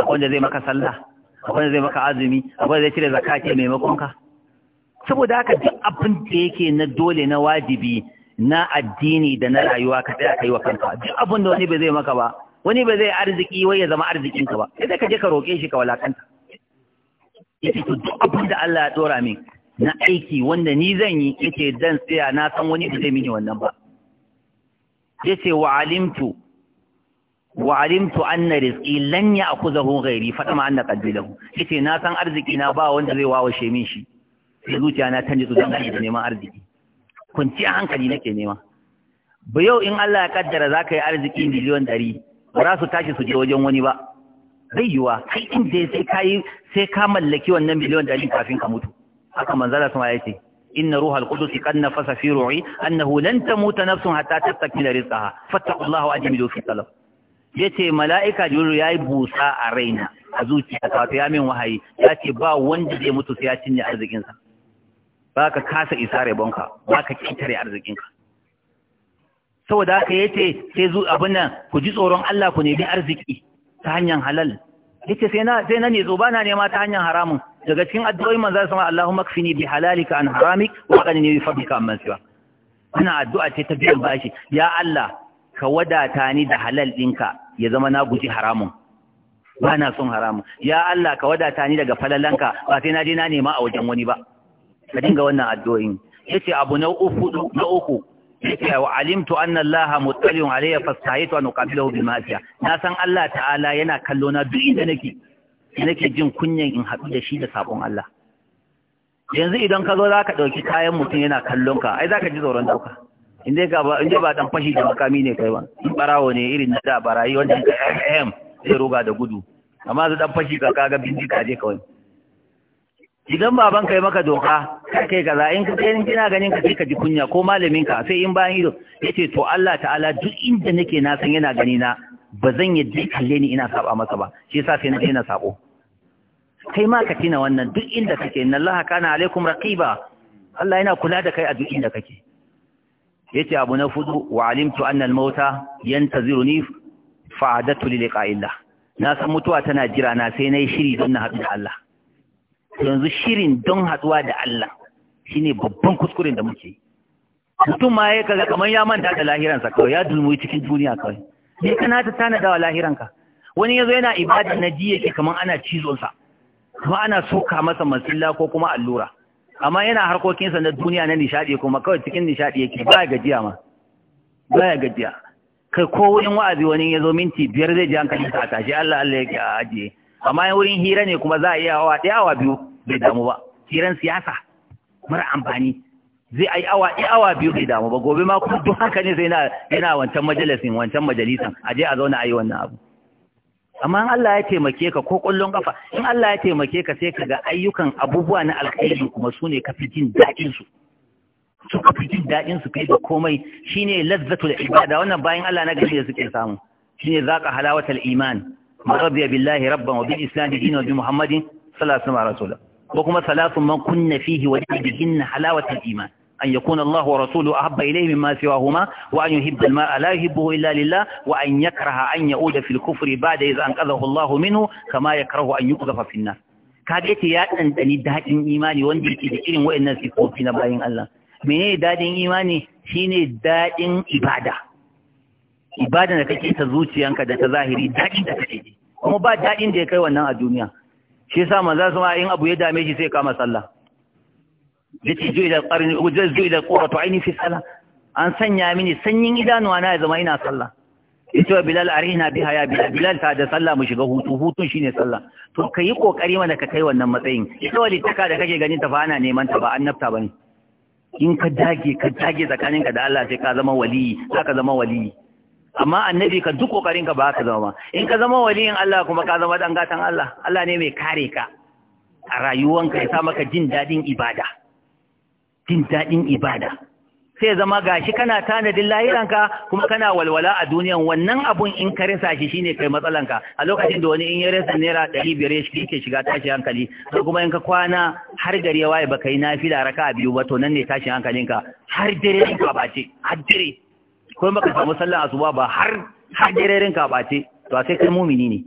akwai wanda zai maka sallah akwai wanda zai maka azumi akwai wanda zai cire zakati mai makonka. saboda haka duk abin da yake na dole na wajibi na addini da na rayuwa ka tsaya kai wa kanka duk abin da wani bai zai maka ba wani ba zai arziki wai ya zama arzikinka ba sai ka je ka roƙe shi ka walakanta yace to duk abin da Allah ya dora min na aiki wanda ni zan yi yace dan tsaya na san wani ba zai mini wannan ba yace wa alimtu wa alimtu anna rizqi lan ya'khudhahu ghairi fa ma anna qadilahu yace na san arziki na ba wanda zai wawashe min shi sai zuciya na tanje su dan da neman arziki kwanciya hankali nake nema ba yau in Allah ya kaddara zaka yi arziki miliyon 100 ba za su tashi su je wajen wani ba zai yiwa kai inda sai ka yi sai ka mallaki wannan miliyon ɗari kafin ka mutu haka manzala sun ya ce inna ruhal qudus qad nafasa fi ruhi annahu lan tamuta nafsun hatta tastakmila rizqaha fattaqullaha wa ajmilu fi talab yace mala'ika jibril yayi busa a raina a zuciya ta ya min wahayi ya ce ba wanda zai mutu sai ya cinye arzikinsa ba ka kasa isare bonka ba ka kitare arzikinka saboda haka ya ce sai zu abin nan ku ji tsoron Allah ku nemi arziki ta hanyar halal yace sai na sai na ne zo bana nema ta hanyar haramun daga cikin addu'o'i manzo sama Allahumma kfini bi halalika an haramik wa qadni bi fadlika amma siwa ana addu'a ce ta biyan bashi ya Allah ka wadata ni da halal dinka ya zama na guji haramun ba na son haramun ya Allah ka wadata ni daga falalanka ba sai na je na nema a wajen wani ba ka dinga wannan addu'o'in yace abu na uku na uku wa alimtu anna allaha muttaliun alayya an na san Allah ta'ala yana kallo na duk inda nake nake jin kunyan in haɗu da shi da sabon Allah yanzu idan ka zo za ka ɗauki kayan mutum yana kallon ka ai za ka ji tsoron ɗauka inda ga ba inda ba dan fashi da makami ne kai ba in barawo ne irin na da barayi wanda ka ahem eh, eh, eh, zai roga da gudu amma zai dan fashi ka kaga bindika je kawai idan baban kai maka doka kai kaza in ka kai kina ganin ka ka ji kunya ko malamin ka sai in bayan ido yace to Allah ta'ala duk inda nake na san yana gani na ba zan yadda kalle ni ina saba masa ba shi yasa sai na daina sabo kai ma ka tina wannan duk inda kake inna Allah kana alaikum raqiba Allah yana kula da kai a duk inda kake yace abu na fudu wa alimtu anna al-mauta yantaziruni fa'adatu li liqa'illah na san mutuwa tana jira na sai nayi shiri don na haɗu da Allah yanzu shirin don haɗuwa da Allah shine babban kuskuren da muke mutum ma ya kaga kamar ya manta da lahiransa kawai ya dulmuyi cikin duniya kawai me kana ta tanada wa lahiranka wani yazo yana ibada na ji yake kamar ana cizon sa kuma ana soka masa masilla ko kuma allura amma yana harkokinsa na duniya na nishadi kuma kawai cikin nishadi yake ba gajiya ma ba gajiya kai ko wani wa'azi wani yazo minti biyar zai ji hankalinsa a tashi Allah Allah yake a ajiye amma wurin hira ne kuma za a iya awa ɗaya awa biyu bai damu ba hiran siyasa mara amfani zai ai awa ɗaya awa biyu bai damu ba gobe ma kuma duk haka ne sai yana wancan majalisin wancan majalisan a je a zauna a yi wannan abu amma in Allah ya taimake ka ko kullun kafa in Allah ya taimake ka sai ga ayyukan abubuwa na alkhairi kuma su ne kafi jin daɗin su su kafi jin daɗin su kai da komai shine lazzatul ibada wannan bayan Allah na gari da suke samu shine zaka halawatul iman man radiya billahi rabban wa bil islam dinan wa bi muhammadin sallallahu alaihi wa sallam ko kuma salatun man kunna fihi wa bihinna halawatul iman أن يكون الله ورسوله أحب إليه مما سواهما وأن يحب الماء لا يحبه إلا لله وأن يكره أن يعود في الكفر بعد إذا أنقذه الله منه كما يكره أن يقذف في النار كادت يا أنتني دادين إيماني وندي كثير وإن سيكون باين الله من دادين إيماني شين دادين إبادة إبادة نكتي تزوجي أنك دا تظاهري دادين تكتي kuma ba daɗin da ya kai wannan a duniya shi yasa manzo su ma in abu ya dame shi sai kama sallah yace ju ila qarni ujazu qurratu aini fi sallah. an sanya mini sanyin idanuwa na ya zama ina sallah yace wa bilal arina biha ya bilal bilal ta da sallah mu shiga hutu hutun ne sallah to kai kokari mana ka kai wannan matsayin ita wali taka da kake ganin ta fa ana neman ta ba annabta bane in ka dage ka dage tsakaninka da Allah sai ka zama waliyi zaka zama waliyi amma annabi ka duk kokarin ka ba ka zama in ka zama waliyin Allah kuma ka zama dan gatan Allah Allah ne mai kare ka a rayuwanka ya sa maka jin dadin ibada jin dadin ibada sai zama gashi kana tanadin lahiranka kuma kana walwala a duniyan wannan abun in ka rasa shi shine kai matsalanka a lokacin da wani in ya rasa naira 500 shi ke shiga tashi hankali sai kuma in ka kwana har gari ya waye baka yi nafila raka'a biyu ba to nan ne tashin hankalinka har dare ka bace har dare ko baka samu sallar asuba ba har har direrin ka to sai kai mumini ne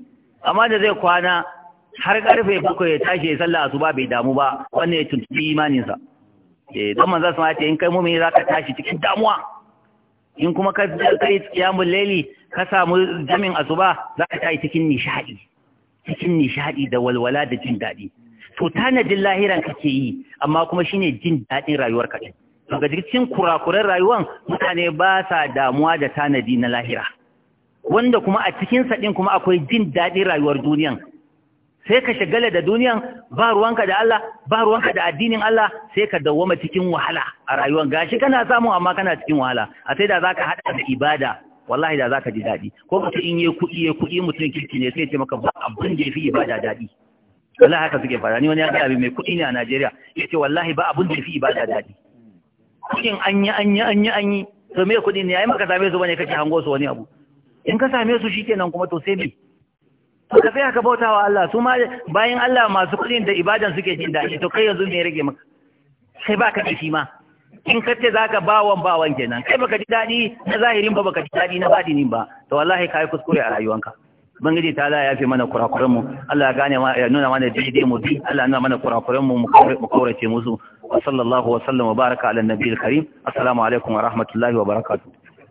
amma da zai kwana har karfe bakwai ya tashi ya sallar asuba bai damu ba wannan ya tuntubi imaninsa eh dan manzo sun ce in kai mumini zaka tashi cikin damuwa in kuma ka kai tsiyamul laili ka samu jamin asuba zaka tashi cikin nishadi cikin nishadi da walwala da jin dadi to tanadin lahiran kake yi amma kuma shine jin dadin rayuwar ka daga cikin kurakuran rayuwan mutane ba sa damuwa da tanadi na lahira wanda kuma a cikin ɗin kuma akwai jin daɗin rayuwar duniyan sai ka shagala da duniyan ba ruwanka da Allah ba ruwanka da addinin Allah sai ka dawwama cikin wahala a rayuwar gashi kana samu amma kana cikin wahala a sai da ka haɗa da ibada wallahi da za ka ji daɗi ko mutum in yi kuɗi ya kuɗi mutum kirki ne sai ce maka ba abin da ya fi ibada daɗi wallahi haka suke fara ni wani ya ga abin mai kuɗi ne a Najeriya ce wallahi ba abin da ya fi ibada daɗi kudin an yi an yi an yi an yi to me kudin ne ai maka same su bane kake hango su wani abu in ka same su shikenan kuma to sai me to ka sai ka bautawa Allah su ma bayan Allah masu kudin da ibadan suke jin daɗi to kai yanzu me rage maka sai baka da shi ma in ka ce zaka bawan bawan kenan kai baka ji daɗi na zahirin ba baka ji daɗi na badinin ba to wallahi kai kuskure a rayuwanka bangiji ta Allah ya fi mana kurakuranmu Allah ya gane ya nuna mana daidai mu bi Allah ya nuna mana kurakuranmu mu kaurace musu wa sallallahu wa sallam wa baraka ala nabiyil karim assalamu alaikum wa rahmatullahi wa barakatuh